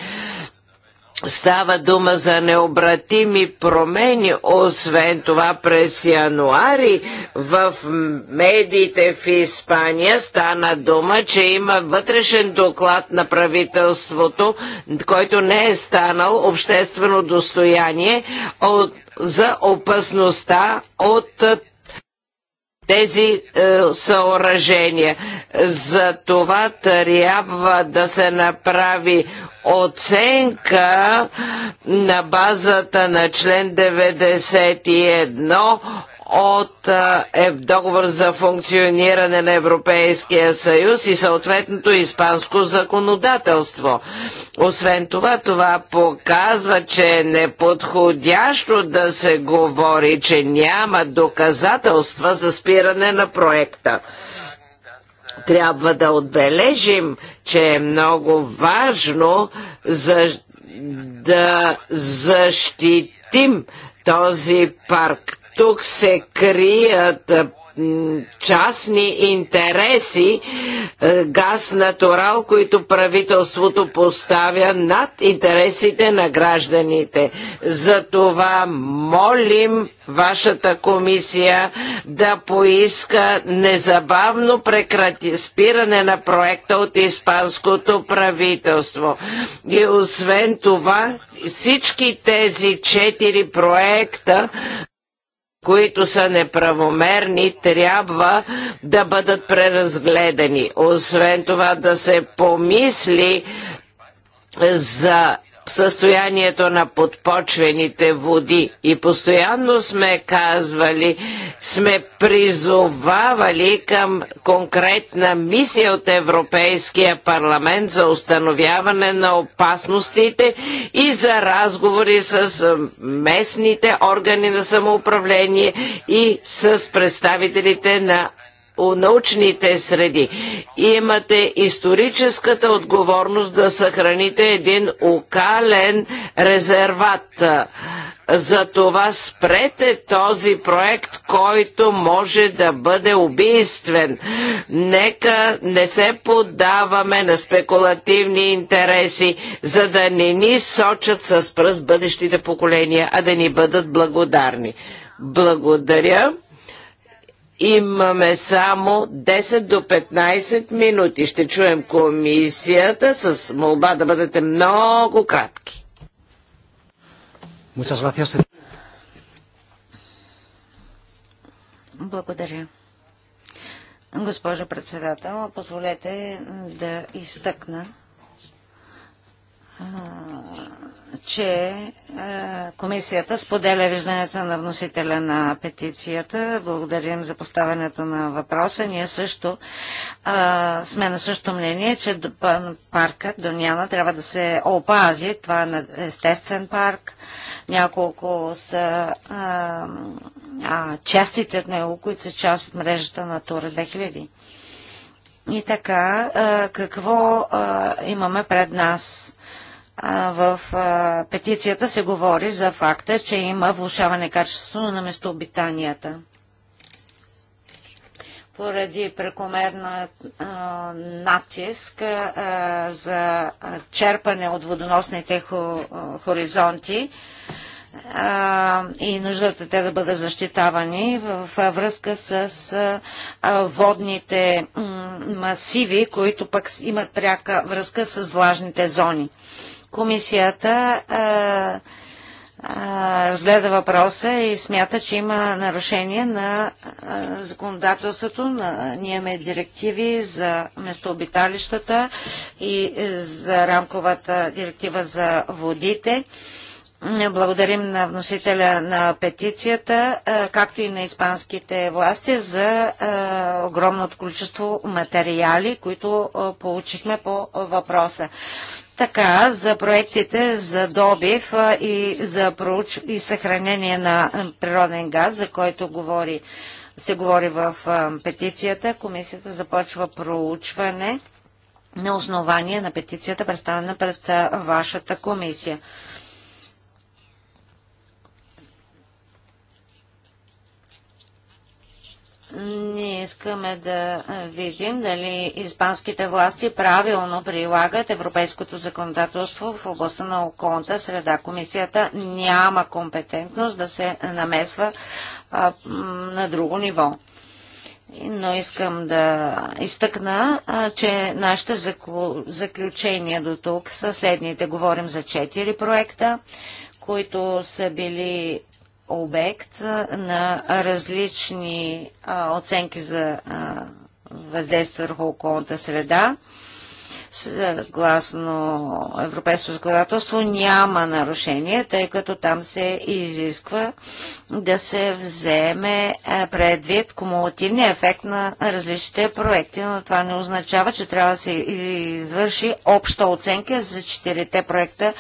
Става дума за необратими промени, освен това през януари в медиите в Испания стана дума, че има вътрешен доклад на правителството, който не е станал обществено достояние от, за опасността от тези е, съоръжения. За това трябва да се направи оценка на базата на член 91 от е в договор за функциониране на Европейския съюз и съответното испанско законодателство. Освен това, това показва, че е неподходящо да се говори, че няма доказателства за спиране на проекта. Трябва да отбележим, че е много важно за, да защитим този парк тук се крият частни интереси, е, газ натурал, които правителството поставя над интересите на гражданите. Затова молим вашата комисия да поиска незабавно прекрати, спиране на проекта от испанското правителство. И освен това, всички тези четири проекта които са неправомерни, трябва да бъдат преразгледани. Освен това да се помисли за състоянието на подпочвените води. И постоянно сме казвали, сме призовавали към конкретна мисия от Европейския парламент за установяване на опасностите и за разговори с местните органи на самоуправление и с представителите на научните среди. Имате историческата отговорност да съхраните един укален резерват. За това спрете този проект, който може да бъде убийствен. Нека не се подаваме на спекулативни интереси, за да не ни сочат с пръст бъдещите поколения, а да ни бъдат благодарни. Благодаря. Имаме само 10 до 15 минути. Ще чуем комисията с молба да бъдете много кратки. Благодаря. Госпожо председател, позволете да изтъкна че комисията споделя виждането на вносителя на петицията. Благодарим за поставянето на въпроса. Ние също сме на същото мнение, че паркът Доняна трябва да се опази. Това е естествен парк. Няколко са частите от него, които са част от мрежата на Тура 2000. И така, какво имаме пред нас? в петицията се говори за факта, че има влушаване качеството на местообитанията. Поради прекомерна натиск за черпане от водоносните хоризонти и нуждата те да бъдат защитавани във в връзка с водните масиви, които пък имат пряка връзка с влажните зони. Комисията а, а, разгледа въпроса и смята, че има нарушение на а, законодателството. На, ние имаме директиви за местообиталищата и е, за рамковата директива за водите. Благодарим на вносителя на петицията, както и на испанските власти за огромното количество материали, които получихме по въпроса така за проектите за добив и за проуч... и съхранение на природен газ, за който говори, се говори в петицията, комисията започва проучване на основание на петицията, представена пред вашата комисия. Ние искаме да видим дали испанските власти правилно прилагат европейското законодателство в областта на околната среда. Комисията няма компетентност да се намесва а, на друго ниво. Но искам да изтъкна, а, че нашите заключения до тук са следните. Говорим за четири проекта, които са били обект на различни а, оценки за а, въздействие върху околната среда. Съгласно европейското законодателство няма нарушение, тъй като там се изисква да се вземе предвид кумулативния ефект на различните проекти, но това не означава, че трябва да се извърши обща оценка за четирите проекта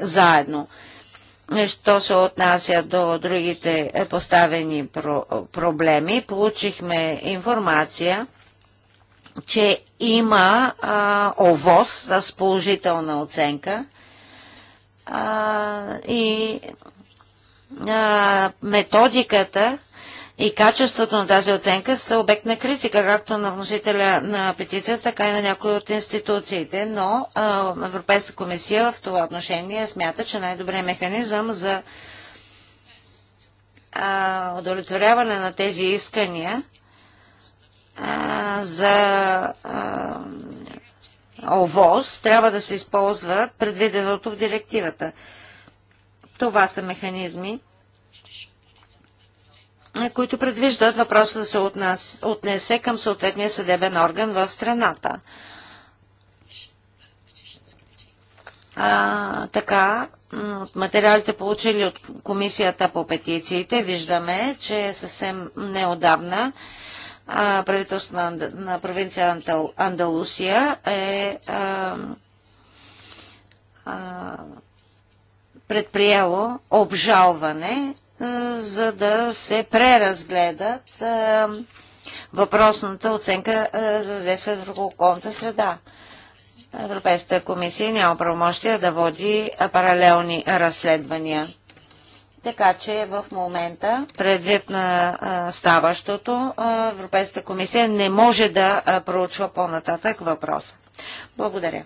заедно. Що се отнася до другите поставени про проблеми, получихме информация, че има а, ОВОз с положителна оценка а, и а, методиката и качеството на тази оценка са обект на критика, както на вносителя на петицията, така и на някои от институциите, но а, комисия в това отношение смята, че най-добрият механизъм за а, удовлетворяване на тези искания а, за ОВОз трябва да се използва предвиденото в директивата. Това са механизми, които предвиждат въпроса да се отнес, отнесе към съответния съдебен орган в страната. А, така, от материалите получили от комисията по петициите, виждаме, че е съвсем неодавна правителството на, на провинция Андал, Андалусия е а, а, предприело обжалване за да се преразгледат въпросната оценка за въздействието върху околната среда. Европейската комисия няма правомощия да води паралелни разследвания. Така че в момента, предвид на ставащото, Европейската комисия не може да проучва по-нататък въпроса. Благодаря.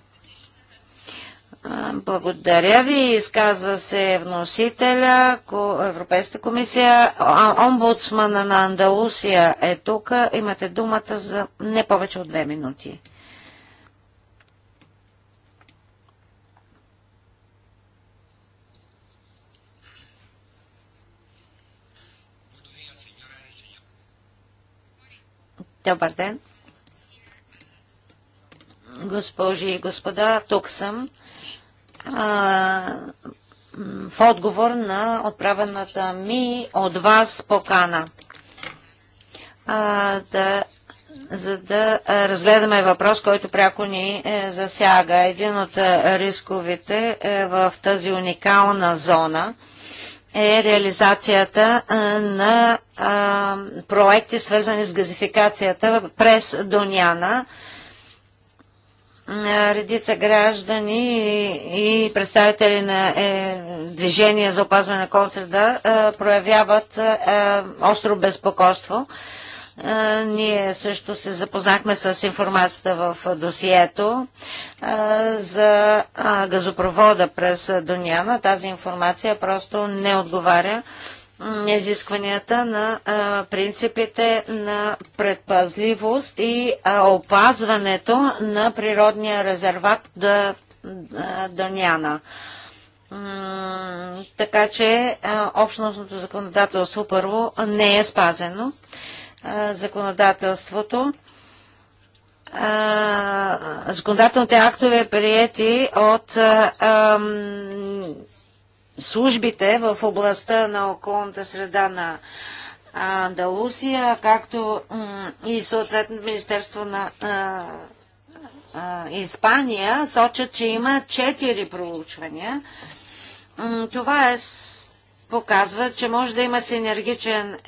Благодаря ви. Изказа се вносителя, Европейска комисия, омбудсмана на Андалусия е тук. Имате думата за не повече от две минути. Добър ден. Госпожи и господа, тук съм в отговор на отправената ми от вас покана. А, да за да разгледаме въпрос, който пряко ни е, засяга. Един от е, рисковете е, в тази уникална зона е реализацията на проекти, свързани с газификацията през Доняна редица граждани и, представители на е, Движение за опазване на концерта е, проявяват е, остро безпокойство. Е, ние също се запознахме с информацията в досието е, за е, газопровода през Доняна. Тази информация просто не отговаря изискванията на а, принципите на предпазливост и а, опазването на природния резерват да, да, Даняна. така че а, общностното законодателство първо не е спазено. Законодателството законодателните актове прияти от службите в областта на околната среда на Андалусия, както и съответно Министерство на Испания сочат, че има четири проучвания. Това е, показва, че може да има синергичен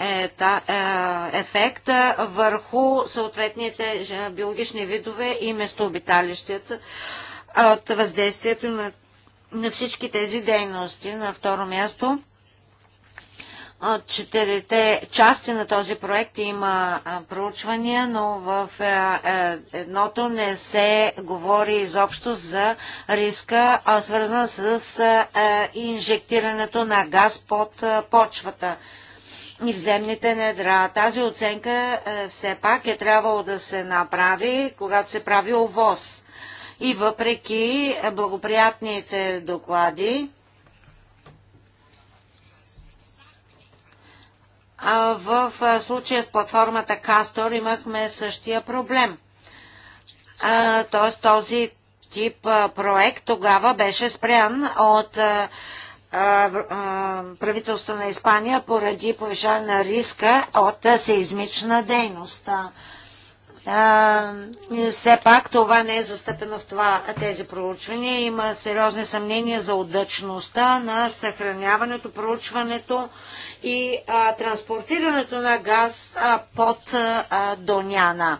ефект върху съответните биологични видове и местообиталищата от въздействието на на всички тези дейности. На второ място, четирите части на този проект има проучвания, но в е, едното не се говори изобщо за риска, свързан с е, инжектирането на газ под почвата и в земните недра. Тази оценка е, все пак е трябвало да се направи, когато се прави овоз и въпреки благоприятните доклади, в случая с платформата Кастор имахме същия проблем. Тоест, този тип проект тогава беше спрян от правителство на Испания поради повишаване на риска от сеизмична дейност все пак това не е застъпено в това, тези проучвания. Има сериозни съмнения за удачността на съхраняването, проучването и а, транспортирането на газ а, под а, Доняна.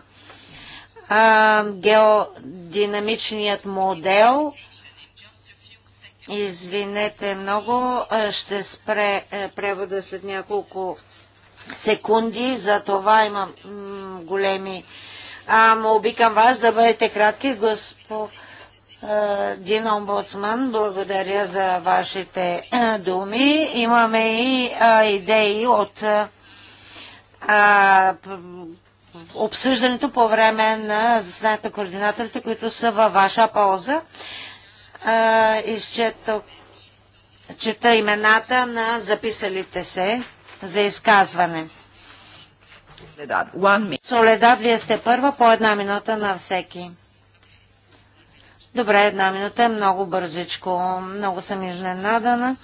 А, геодинамичният модел Извинете много, ще спре превода след няколко секунди, за това имам големи а, молби към вас да бъдете кратки, господин омбудсман. Благодаря за вашите думи. Имаме и а, идеи от а, обсъждането по време на заседанието на координаторите, които са във ваша полза. изчетох чета имената на записалите се за изказване. Соледат. вие сте първа по една минута на всеки. Добре, една минута е много бързичко. Много съм изненадана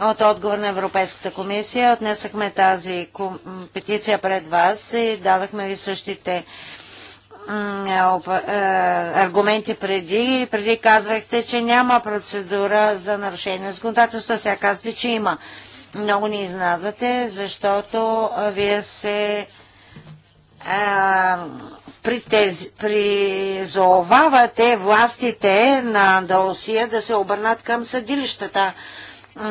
от отговор на Европейската комисия. Отнесахме тази петиция пред вас и дадахме ви същите е, е, аргументи преди. преди казвахте, че няма процедура за нарушение на законодателство. Сега казвате, че има. Много ни изнадате, защото е, вие се при, тези, призовавате властите на Андалусия да се обърнат към съдилищата.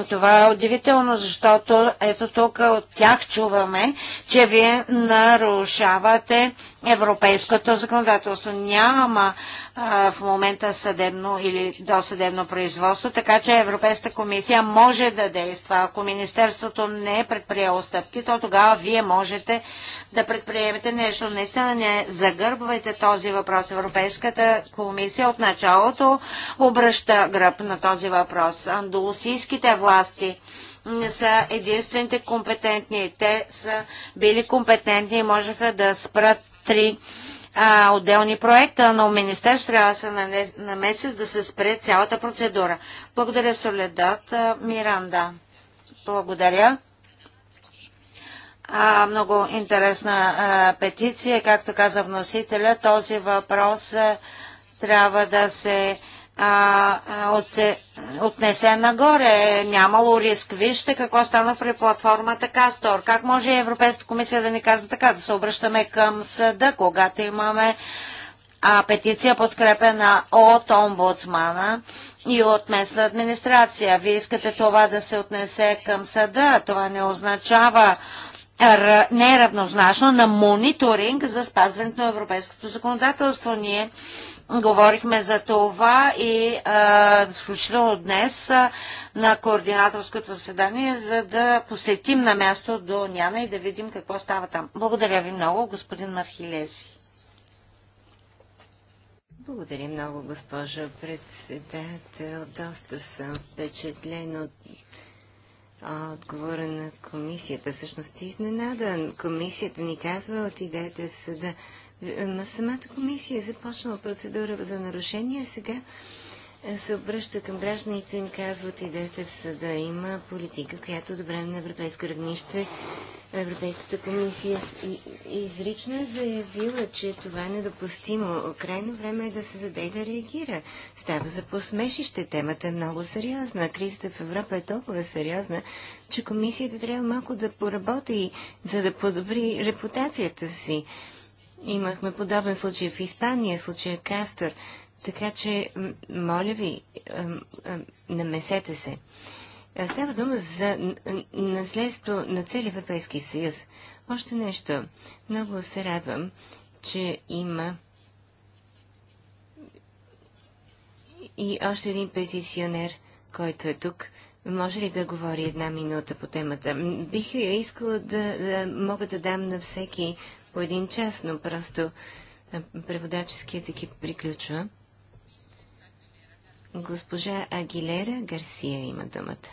Това е удивително, защото ето тук от тях чуваме, че вие нарушавате европейското законодателство. Няма в момента съдебно или досъдебно производство, така че Европейската комисия може да действа. Ако Министерството не е предприело стъпки, то тогава вие можете да предприемете нещо. Наистина не загърбвайте този въпрос. Европейската комисия от началото обръща гръб на този въпрос. Андалусийските власти не са единствените компетентни. Те са били компетентни и можеха да спрат три а, отделни проекта, но Министерство трябва да се намеси да се спре цялата процедура. Благодаря, Соледат. Миранда. Благодаря. А, много интересна а, петиция. Както каза вносителя, този въпрос а, трябва да се а, от, е, отнесе нагоре. Нямало риск. Вижте какво стана при платформата Кастор. Как може Европейската комисия да ни казва така, да се обръщаме към съда, когато имаме а, петиция подкрепена от омбудсмана и от местна администрация. Вие искате това да се отнесе към съда. Това не означава неравнозначно на мониторинг за спазването на европейското законодателство. Ние Говорихме за това и включително днес а, на координаторското заседание, за да посетим на място до Няна и да видим какво става там. Благодаря ви много, господин Мархилеси. Благодаря много, госпожа председател. Доста съм впечатлен от отговора на комисията. Всъщност изненадан. Комисията ни казва, отидете в съда на самата комисия е започнала процедура за нарушение, сега е, се обръща към гражданите и им казват идете в съда. Има политика, която е добре на европейско равнище. Европейската комисия изрично е заявила, че това е недопустимо. Крайно време е да се заде и да реагира. Става за посмешище. Темата е много сериозна. Кризата в Европа е толкова сериозна, че комисията трябва малко да поработи, за да подобри репутацията си. Имахме подобен случай в Испания, случая Кастор. Така че, моля ви, намесете се. Става дума за наследство на цели Европейски съюз. Още нещо. Много се радвам, че има и още един петиционер, който е тук. Може ли да говори една минута по темата? Бих искала да, да мога да дам на всеки по един час, но просто е, преводаческият екип приключва. Госпожа Агилера Гарсия има думата.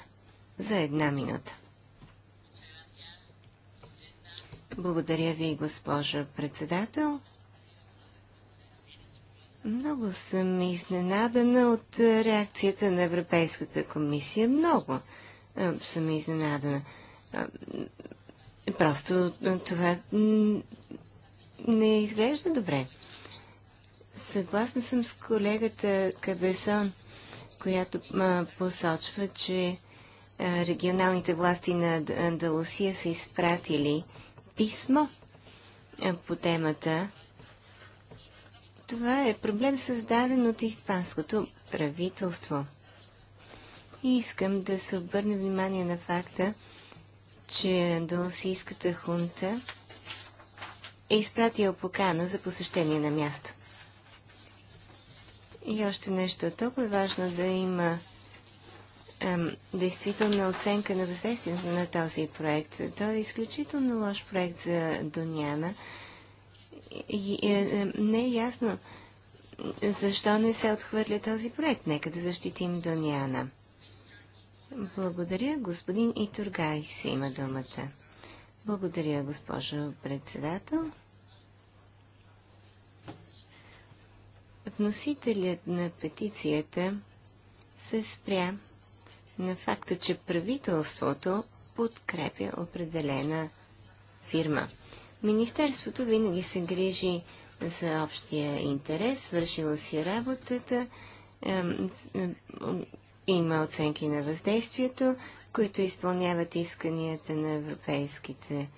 За една минута. Благодаря ви, госпожа председател. Много съм изненадана от е, реакцията на Европейската комисия. Много е, съм изненадана. Просто това не изглежда добре. Съгласна съм с колегата Кабесон, която посочва, че регионалните власти на Андалусия са изпратили писмо по темата. Това е проблем създаден от испанското правителство. И искам да се обърне внимание на факта, че андалусийската хунта е изпратила покана за посещение на място. И още нещо. Толкова е важно да има ем, действителна оценка на въздействието на този проект. Той е изключително лош проект за Доняна. И, е, е, не е ясно защо не се отхвърля този проект. Нека да защитим Доняна. Благодаря. Господин Итургай се има думата. Благодаря, госпожо председател. Вносителят на петицията се спря на факта, че правителството подкрепя определена фирма. Министерството винаги се грижи за общия интерес, свършило си работата, има оценки на въздействието, които изпълняват исканията на европейските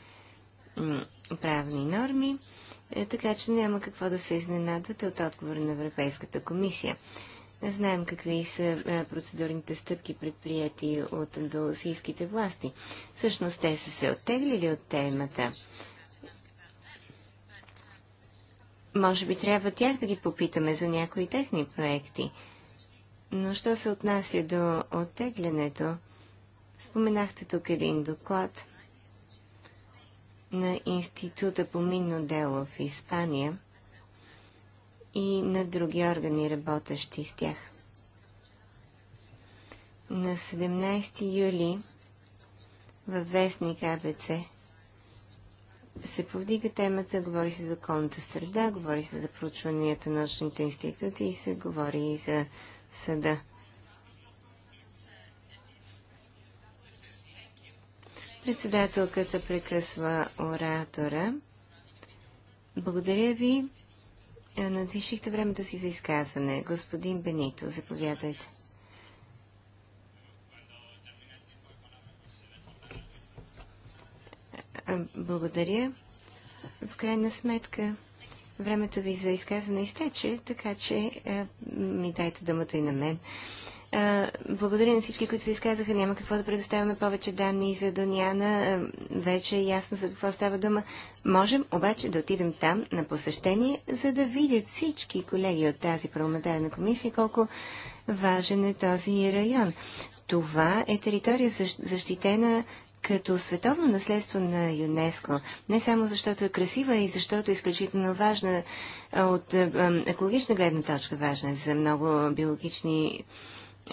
правни норми, е, така че няма какво да се изненадвате от отговора на Европейската комисия. Знаем какви са е, процедурните стъпки предприяти от андалусийските власти. Всъщност те са се оттеглили от темата. Може би трябва тях да ги попитаме за някои техни проекти. Но що се отнася до оттеглянето, споменахте тук един доклад на Института по минно дело в Испания и на други органи, работещи с тях. На 17 юли във вестник АБЦ се повдига темата, говори се за околната среда, говори се за проучванията на научните институти и се говори и за съда. Председателката прекъсва оратора. Благодаря ви. Надвишихте времето си за изказване. Господин Бенито, заповядайте. Благодаря. В крайна сметка Времето ви за изказване изтече, така че а, е, ми дайте думата и на мен. А, е, благодаря на всички, които се изказаха. Няма какво да предоставяме повече данни за Доняна. Е, вече е ясно за какво става дума. Можем обаче да отидем там на посещение, за да видят всички колеги от тази парламентарна комисия колко важен е този район. Това е територия защитена като световно наследство на ЮНЕСКО. Не само защото е красива и защото е изключително важна от екологична гледна точка, важна за много биологични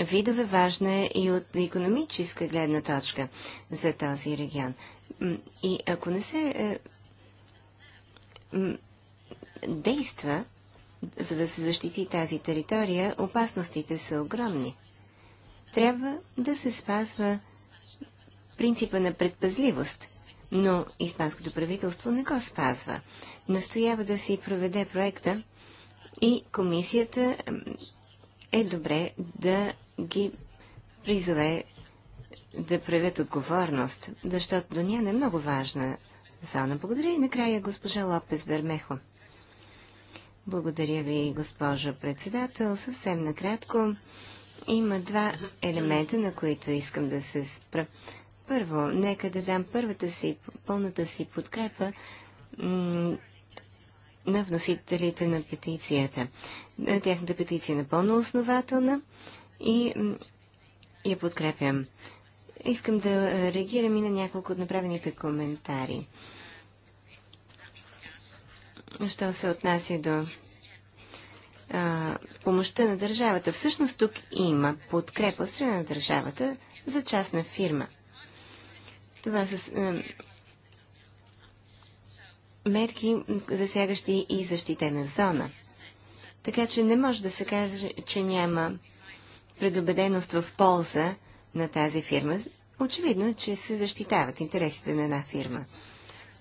видове, важна е и от економическа гледна точка за този регион. И ако не се е, действа, за да се защити тази територия, опасностите са огромни. Трябва да се спазва принципа на предпазливост, но испанското правителство не го спазва. Настоява да си проведе проекта и комисията е добре да ги призове да проявят отговорност, защото до не е много важна зона. Благодаря и накрая госпожа Лопес Бермехо. Благодаря ви, госпожо председател. Съвсем накратко има два елемента, на които искам да се спра. Първо, нека да дам първата си, пълната си подкрепа на вносителите на петицията. Тяхната петиция е напълно основателна и я подкрепям. Искам да реагирам и на няколко от направените коментари. Що се отнася до а, помощта на държавата. Всъщност тук има подкрепа от страна на държавата за частна фирма. Това са мерки, засягащи и защитена зона. Така че не може да се каже, че няма предубеденост в полза на тази фирма. Очевидно е, че се защитават интересите на една фирма.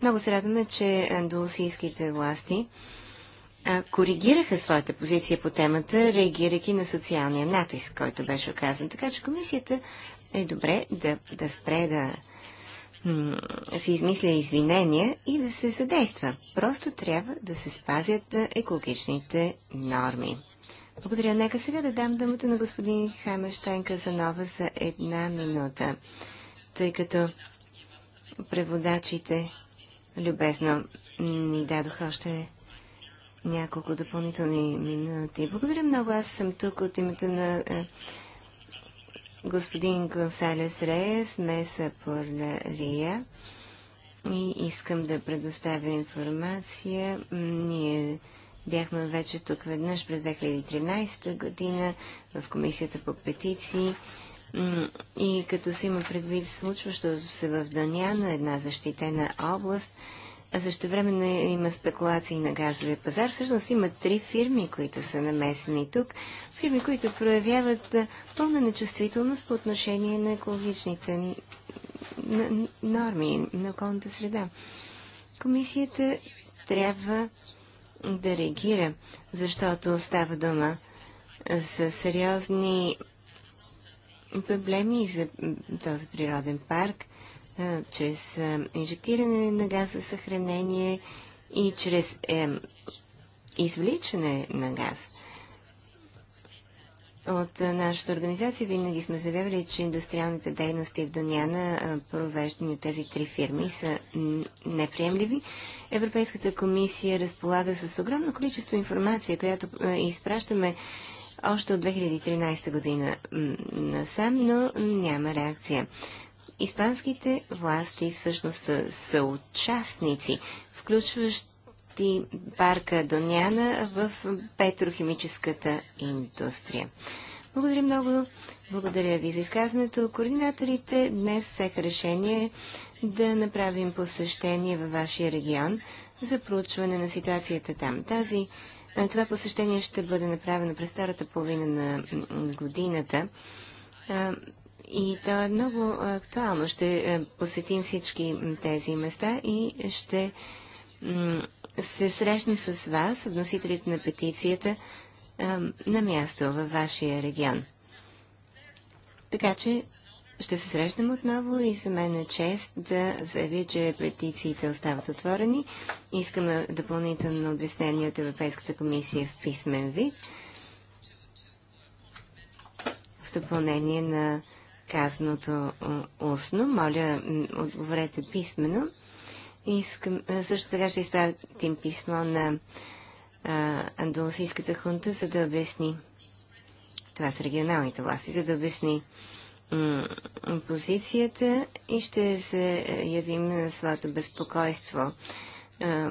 Много се радваме, че андалусийските власти коригираха своята позиция по темата, реагирайки на социалния натиск, който беше оказан. Така че комисията е добре да, да спре да се измисля извинения и да се задейства. Просто трябва да се спазят екологичните норми. Благодаря. Нека сега да дам думата на господин Хамерштайн Казанова за една минута, тъй като преводачите любезно ни дадоха още няколко допълнителни минути. Благодаря много. Аз съм тук от името на е, господин Гонсалес Реес, Меса Порнария и искам да предоставя информация. Ние бяхме вече тук веднъж през 2013 година в Комисията по петиции и като се има предвид случващото се в Даняна, една защитена област, също време има спекулации на газовия пазар. Всъщност има три фирми, които са намесени тук. Фирми, които проявяват пълна нечувствителност по отношение на екологичните норми на околната среда. Комисията трябва да реагира, защото става дума за сериозни проблеми за този природен парк – чрез инжектиране на газ за съхранение и чрез е, извличане на газ. От нашата организация винаги сме заявявали, че индустриалните дейности в Доняна, провеждани от тези три фирми, са неприемливи. Европейската комисия разполага с огромно количество информация, която изпращаме още от 2013 година насам, но няма реакция. Испанските власти всъщност са, съучастници, включващи парка Доняна в петрохимическата индустрия. Благодаря много. Благодаря ви за изказването. Координаторите днес всеха решение да направим посещение във вашия регион за проучване на ситуацията там. Тази, това посещение ще бъде направено през втората половина на годината. И то е много актуално. Ще е, посетим всички тези места и ще се срещнем с вас, вносителите на петицията, е, на място във вашия регион. Така че ще се срещнем отново и за мен е чест да заявя, че петициите остават отворени. Искаме допълнително обяснение от Европейската комисия в писмен вид. В допълнение на казаното устно. Моля, отговорете писменно. Искам, също така ще изпратим писмо на Андалусийската хунта, за да обясни. Това са регионалните власти, за да обясни позицията и ще заявим на своето безпокойство а,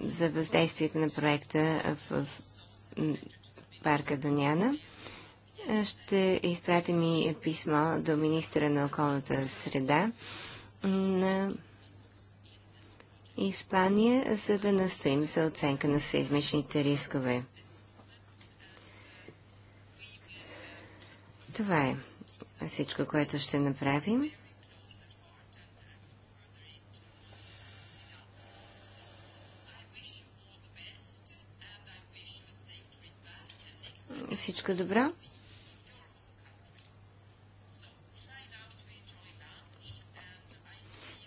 за въздействието на проекта в, в парка Доняна ще изпратим и писмо до министра на околната среда на Испания, за да настоим за оценка на сейзмичните рискове. Това е всичко, което ще направим. Всичко добро.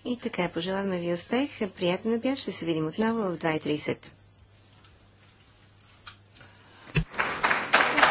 И така, пожелаваме ви успех. Приятен обяд. Ще се видим отново в 2.30.